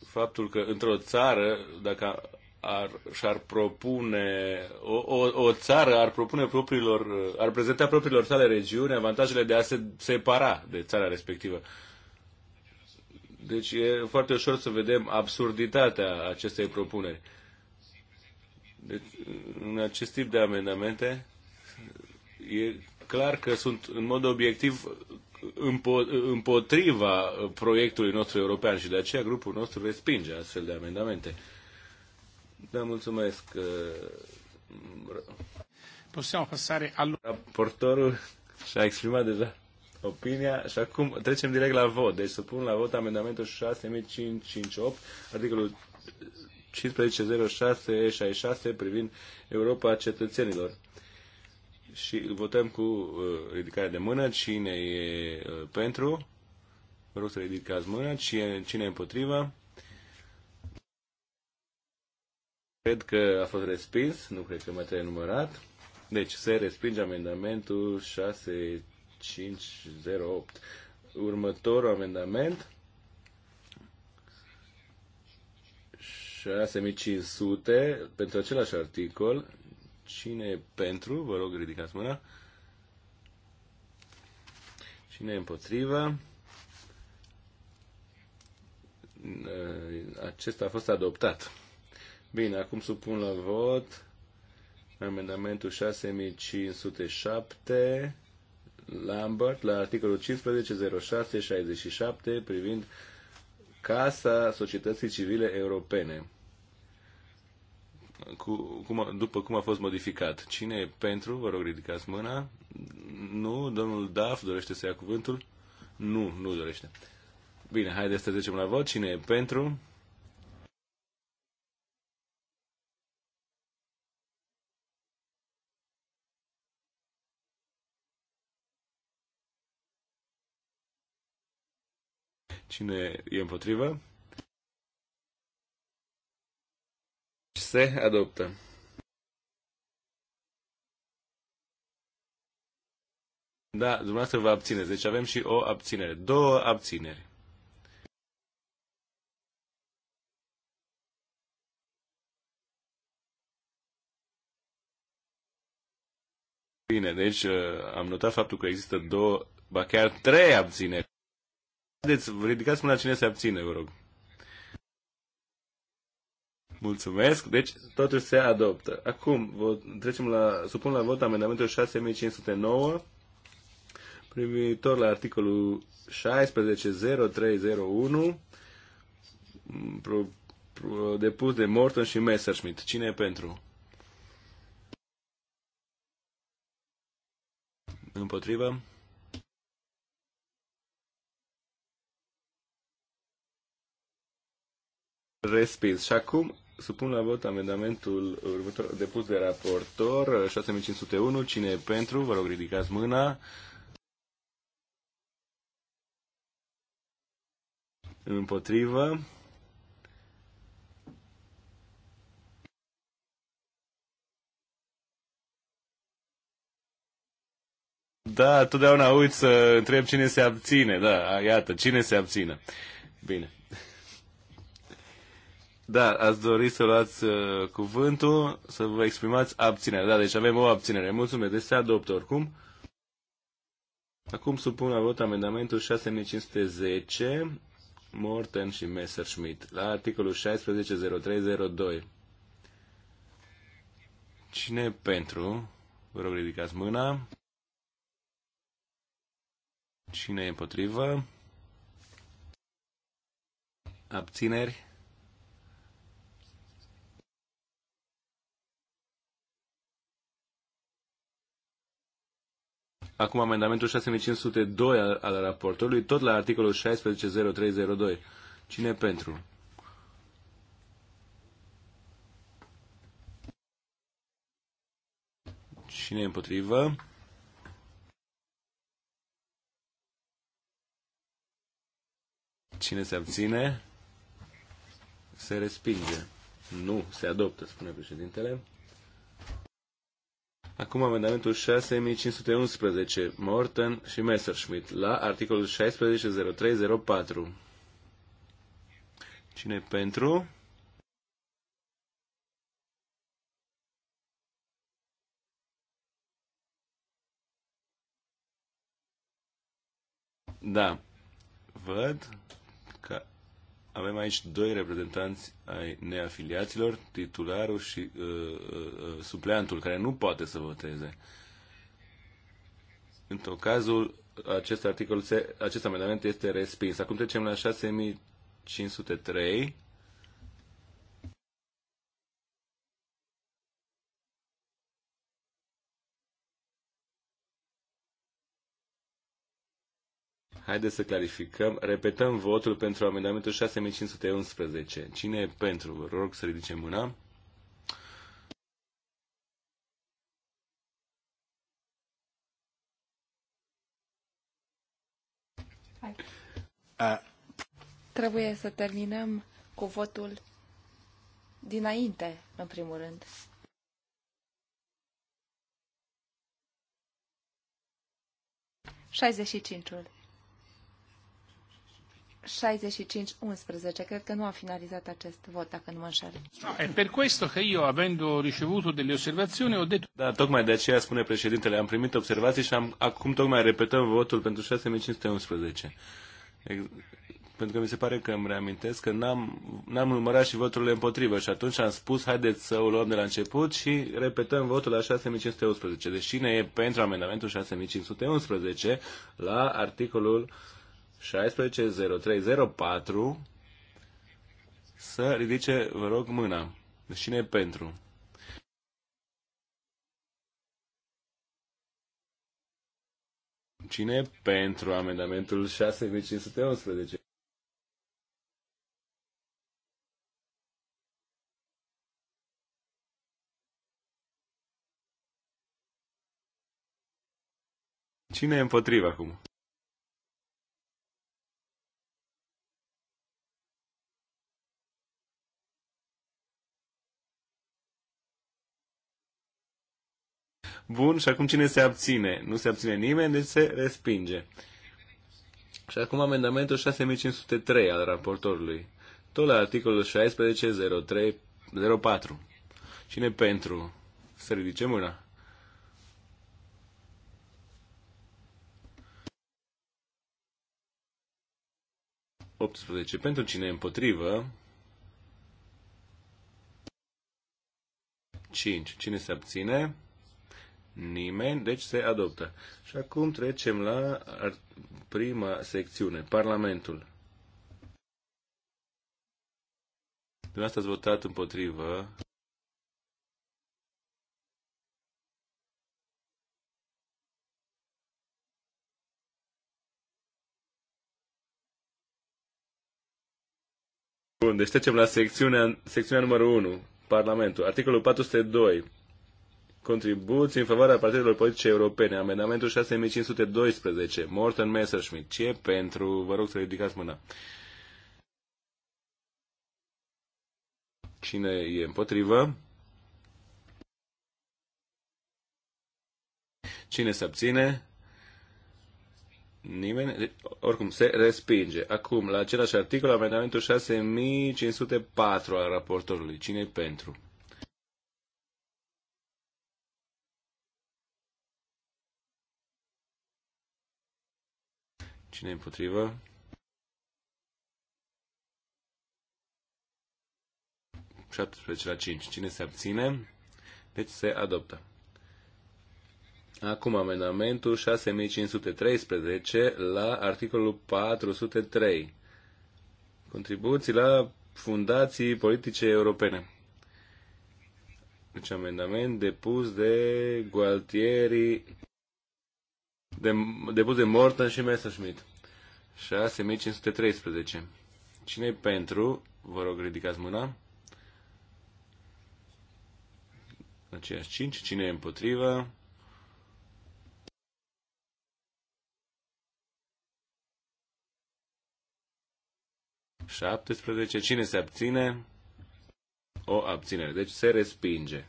faptul că într-o țară, dacă ar, și-ar propune, o, o, o țară ar propune propriilor, ar prezenta propriilor sale regiuni avantajele de a se separa de țara respectivă. Deci e foarte ușor să vedem absurditatea acestei propuneri. Deci, în acest tip de amendamente e clar că sunt în mod obiectiv împotriva proiectului nostru european și de aceea grupul nostru respinge astfel de amendamente. Da, mulțumesc. Uh, Possiamo passare al... Raportorul și-a exprimat deja opinia și acum trecem direct la vot. Deci să pun la vot amendamentul 6558, articolul 1506-66 privind Europa cetățenilor. Și votăm cu uh, ridicare de mână cine e uh, pentru. Vă rog să ridicați mâna. Cine, cine e împotriva? Cred că a fost respins, nu cred că mai trebuie numărat. Deci se respinge amendamentul 6508. Următorul amendament 6500 pentru același articol. Cine e pentru? Vă rog, ridicați mâna. Cine e împotriva? Acesta a fost adoptat. Bine, acum supun la vot amendamentul 6507 Lambert la articolul 15.06.67 privind Casa Societății Civile Europene. Cu, cum, după cum a fost modificat. Cine e pentru? Vă rog, ridicați mâna. Nu? Domnul Daf dorește să ia cuvântul? Nu, nu dorește. Bine, haideți să trecem la vot. Cine e pentru? Cine e împotrivă? Se adoptă. Da, dumneavoastră vă abțineți. Deci avem și o abținere. Două abțineri. Bine, deci uh, am notat faptul că există două, ba chiar trei abțineri. Haideți, ridicați mâna cine se abține, vă rog. Mulțumesc. Deci, totuși se adoptă. Acum, vot, trecem la, supun la vot amendamentul 6509 privitor la articolul 16.0301 pro, pro, depus de Morton și Messerschmitt. Cine e pentru? Împotrivă? Respins. Și acum supun la vot amendamentul următor depus de raportor 6501. Cine e pentru? Vă rog, ridicați mâna. Împotrivă. Da, totdeauna uit să întreb cine se abține. Da, iată, cine se abține. Bine. Da, ați dori să luați uh, cuvântul, să vă exprimați abținerea. Da, deci avem o abținere. Mulțumesc. Deci se adoptă oricum. Acum supun la vot amendamentul 6510, Morten și Messerschmidt, la articolul 160302. Cine pentru? Vă rog, ridicați mâna. Cine e împotrivă? Abțineri? Acum amendamentul 6502 al, al raportului, tot la articolul 160302. Cine pentru? Cine împotrivă? Cine se abține? Se respinge. Nu, se adoptă, spune președintele. Acum amendamentul 6511, Morton și Messerschmidt, la articolul 160304. Cine pentru? Da, văd avem aici doi reprezentanți ai neafiliaților, titularul și uh, uh, uh supleantul, care nu poate să voteze. într-o cazul, acest articol, acest amendament este respins. Acum trecem la 6503 Haideți să clarificăm. Repetăm votul pentru amendamentul 6511. Cine e pentru? Vă rog să ridice mâna. Trebuie să terminăm cu votul dinainte, în primul rând. Șaizeci și 65-11. Cred că nu am finalizat acest vot, dacă nu mă înșel. E per questo che io, avendo ricevuto delle osservazioni, ho detto... Da, tocmai de aceea, spune președintele, am primit observații și am, acum tocmai repetăm votul pentru 6511. Ex- pentru că mi se pare că îmi reamintesc că n-am, n-am numărat și voturile împotrivă și atunci am spus haideți să o luăm de la început și repetăm votul la 6511. Deci cine e pentru amendamentul 6511 la articolul 160304 să ridice, vă rog, mâna. Deci cine e pentru? Cine e pentru amendamentul 6511? Cine e împotriva acum? Bun, și acum cine se abține? Nu se abține nimeni, deci se respinge. Și acum amendamentul 6503 al raportorului. Tot la articolul 16.03.04. Cine pentru? Să ridice mâna. Pentru cine împotrivă? 5. Cine se abține? Nimeni, deci se adoptă. Și acum trecem la prima secțiune, Parlamentul. Dumneavoastră ați votat împotrivă. Bun, deci trecem la secțiunea, secțiunea numărul 1, Parlamentul. Articolul 402 contribuții în favoarea partidelor politice europene. Amendamentul 6512. Morten Messerschmidt. Ce pentru? Vă rog să ridicați mâna. Cine e împotrivă? Cine se abține? Nimeni? Oricum, se respinge. Acum, la același articol, amendamentul 6504 al raportorului. Cine e pentru? Cine e împotrivă? la 5. Cine se abține? Deci se adoptă. Acum amendamentul 6513 la articolul 403. Contribuții la fundații politice europene. Deci amendament depus de Gualtieri, de, depus de Morton și Messerschmitt. 6513. cine pentru? Vă rog, ridicați mâna. Aceeași 5. Cine e împotrivă? Șaptesprezece. Cine se abține? O abținere. Deci se respinge.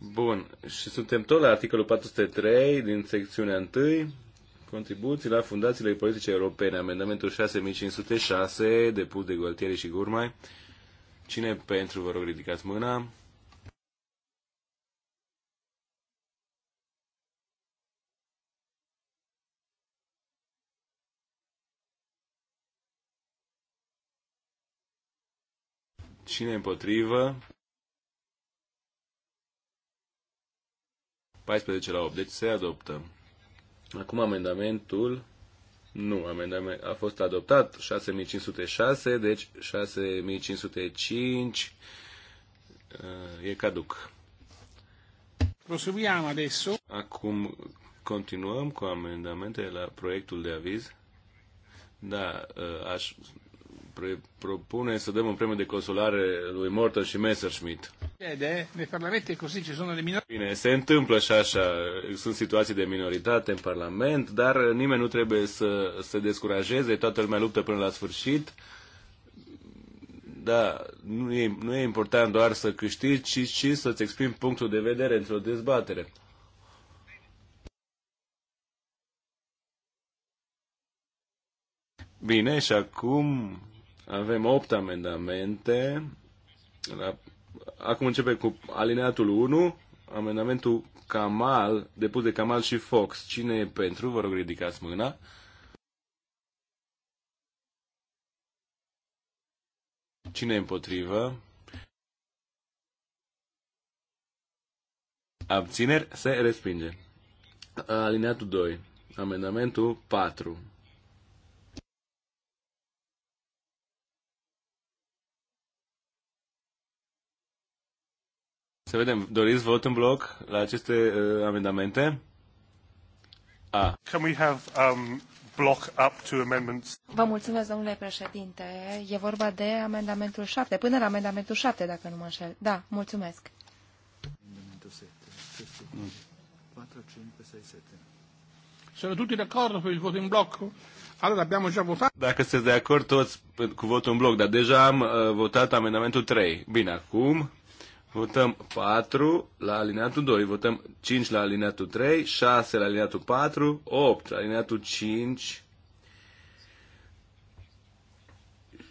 Bun. Și suntem tot la articolul 403 din secțiunea 1. Contribuții la fundațiile politice europene. Amendamentul 6506 depus de Gualtieri și Gurmai. Cine pentru, vă rog, ridicați mâna. Cine împotrivă? 14 la 8. Deci se adoptă. Acum amendamentul nu, amendament a fost adoptat 6506, deci 6505 uh, e caduc. Proseguiamo adesso. Acum continuăm cu amendamentele la proiectul de aviz. Da, uh, aș pre- propune să dăm un premiu de consolare lui Morton și Messerschmitt. Bine, se întâmplă și așa, sunt situații de minoritate în Parlament, dar nimeni nu trebuie să se descurajeze, toată lumea luptă până la sfârșit. Da, nu e, nu e important doar să câștigi, ci ci să-ți exprimi punctul de vedere într-o dezbatere. Bine, și acum avem 8 amendamente. La... Acum începe cu alineatul 1, amendamentul Kamal, depus de Kamal și Fox. Cine e pentru? Vă rog, ridicați mâna. Cine e împotrivă? Abțineri se respinge. Alineatul 2. Amendamentul 4. Să vedem, doriți vot în bloc la aceste uh, amendamente? A. Can we have um, block up to amendments? Vă mulțumesc, domnule președinte. E vorba de amendamentul 7, până la amendamentul 7, dacă nu mă înșel. Da, mulțumesc. Amendamentul 7. 4, 5, 6, 7. Sono tutti d'accordo per il deci voto in blocco? Allora abbiamo già votato. Dacă sunteți de acord toți cu votul în bloc, dar deja am uh, votat amendamentul 3. Bine, acum Votăm 4 la alineatul 2, votăm 5 la alineatul 3, 6 la alineatul 4, 8 la alineatul 5,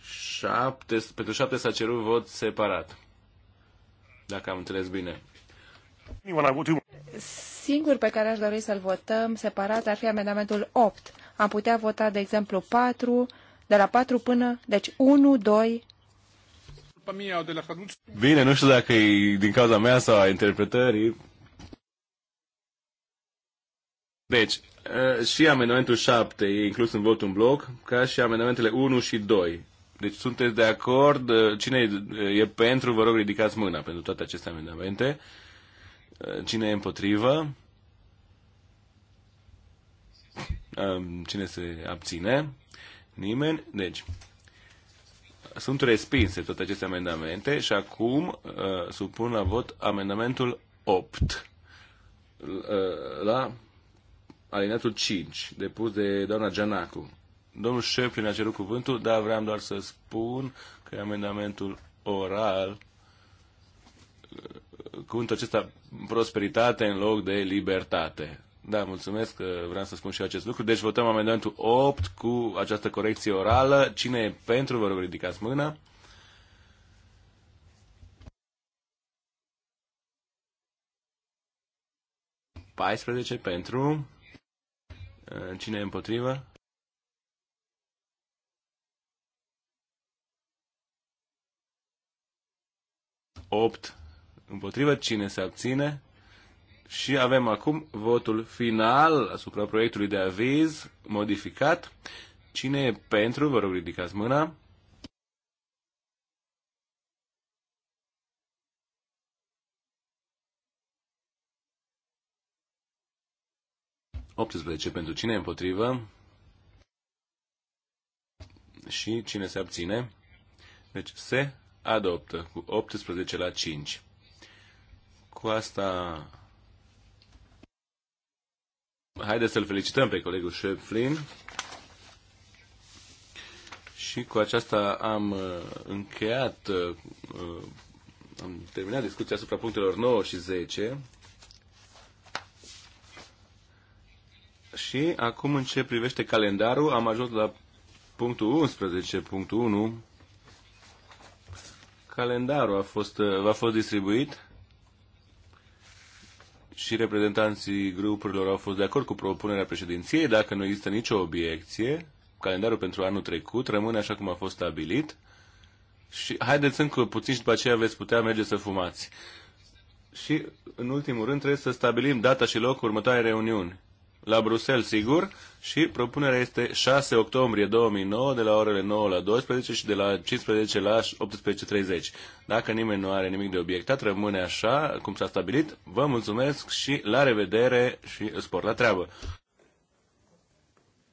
7, pentru 7 s-a cerut vot separat. Dacă am înțeles bine. Singur pe care aș dori să-l votăm separat ar fi amendamentul 8. Am putea vota, de exemplu, 4, de la 4 până, deci 1, 2, Bine, nu știu dacă e din cauza mea sau a interpretării. Deci, ă, și amendamentul 7 e inclus în vot în bloc, ca și amendamentele 1 și 2. Deci sunteți de acord? Ă, cine e pentru, vă rog, ridicați mâna pentru toate aceste amendamente. Ă, cine e împotrivă? Cine se abține? Nimeni? Deci, sunt respinse toate aceste amendamente și acum uh, supun la vot amendamentul 8 uh, la alineatul 5, depus de doamna Gianacu. Domnul Șeplin a cerut cuvântul, dar vreau doar să spun că amendamentul oral uh, cuvântul acesta prosperitate în loc de libertate. Da, mulțumesc că vreau să spun și acest lucru. Deci votăm amendamentul 8 cu această corecție orală. Cine e pentru, vă rog, ridicați mâna. Paisprezece pentru. Cine e împotrivă? Opt împotrivă. Cine se abține? Și avem acum votul final asupra proiectului de aviz modificat. Cine e pentru? Vă rog, ridicați mâna. Optsprezece pentru cine împotrivă și cine se abține. Deci se adoptă cu 18 la 5. Cu asta Haideți să-l felicităm pe colegul Șeflin. Și cu aceasta am uh, încheiat, uh, uh, am terminat discuția asupra punctelor 9 și 10. Și acum în ce privește calendarul, am ajuns la punctul 11, punctul 1. Calendarul a fost, a fost distribuit și reprezentanții grupurilor au fost de acord cu propunerea președinției. Dacă nu există nicio obiecție, calendarul pentru anul trecut rămâne așa cum a fost stabilit. Și haideți încă puțin și după aceea veți putea merge să fumați. Și, în ultimul rând, trebuie să stabilim data și locul următoarei reuniuni la Bruxelles, sigur, și propunerea este 6 octombrie 2009 de la orele 9 la 12 și de la 15 la 18.30. Dacă nimeni nu are nimic de obiectat, rămâne așa cum s-a stabilit. Vă mulțumesc și la revedere și spor la treabă!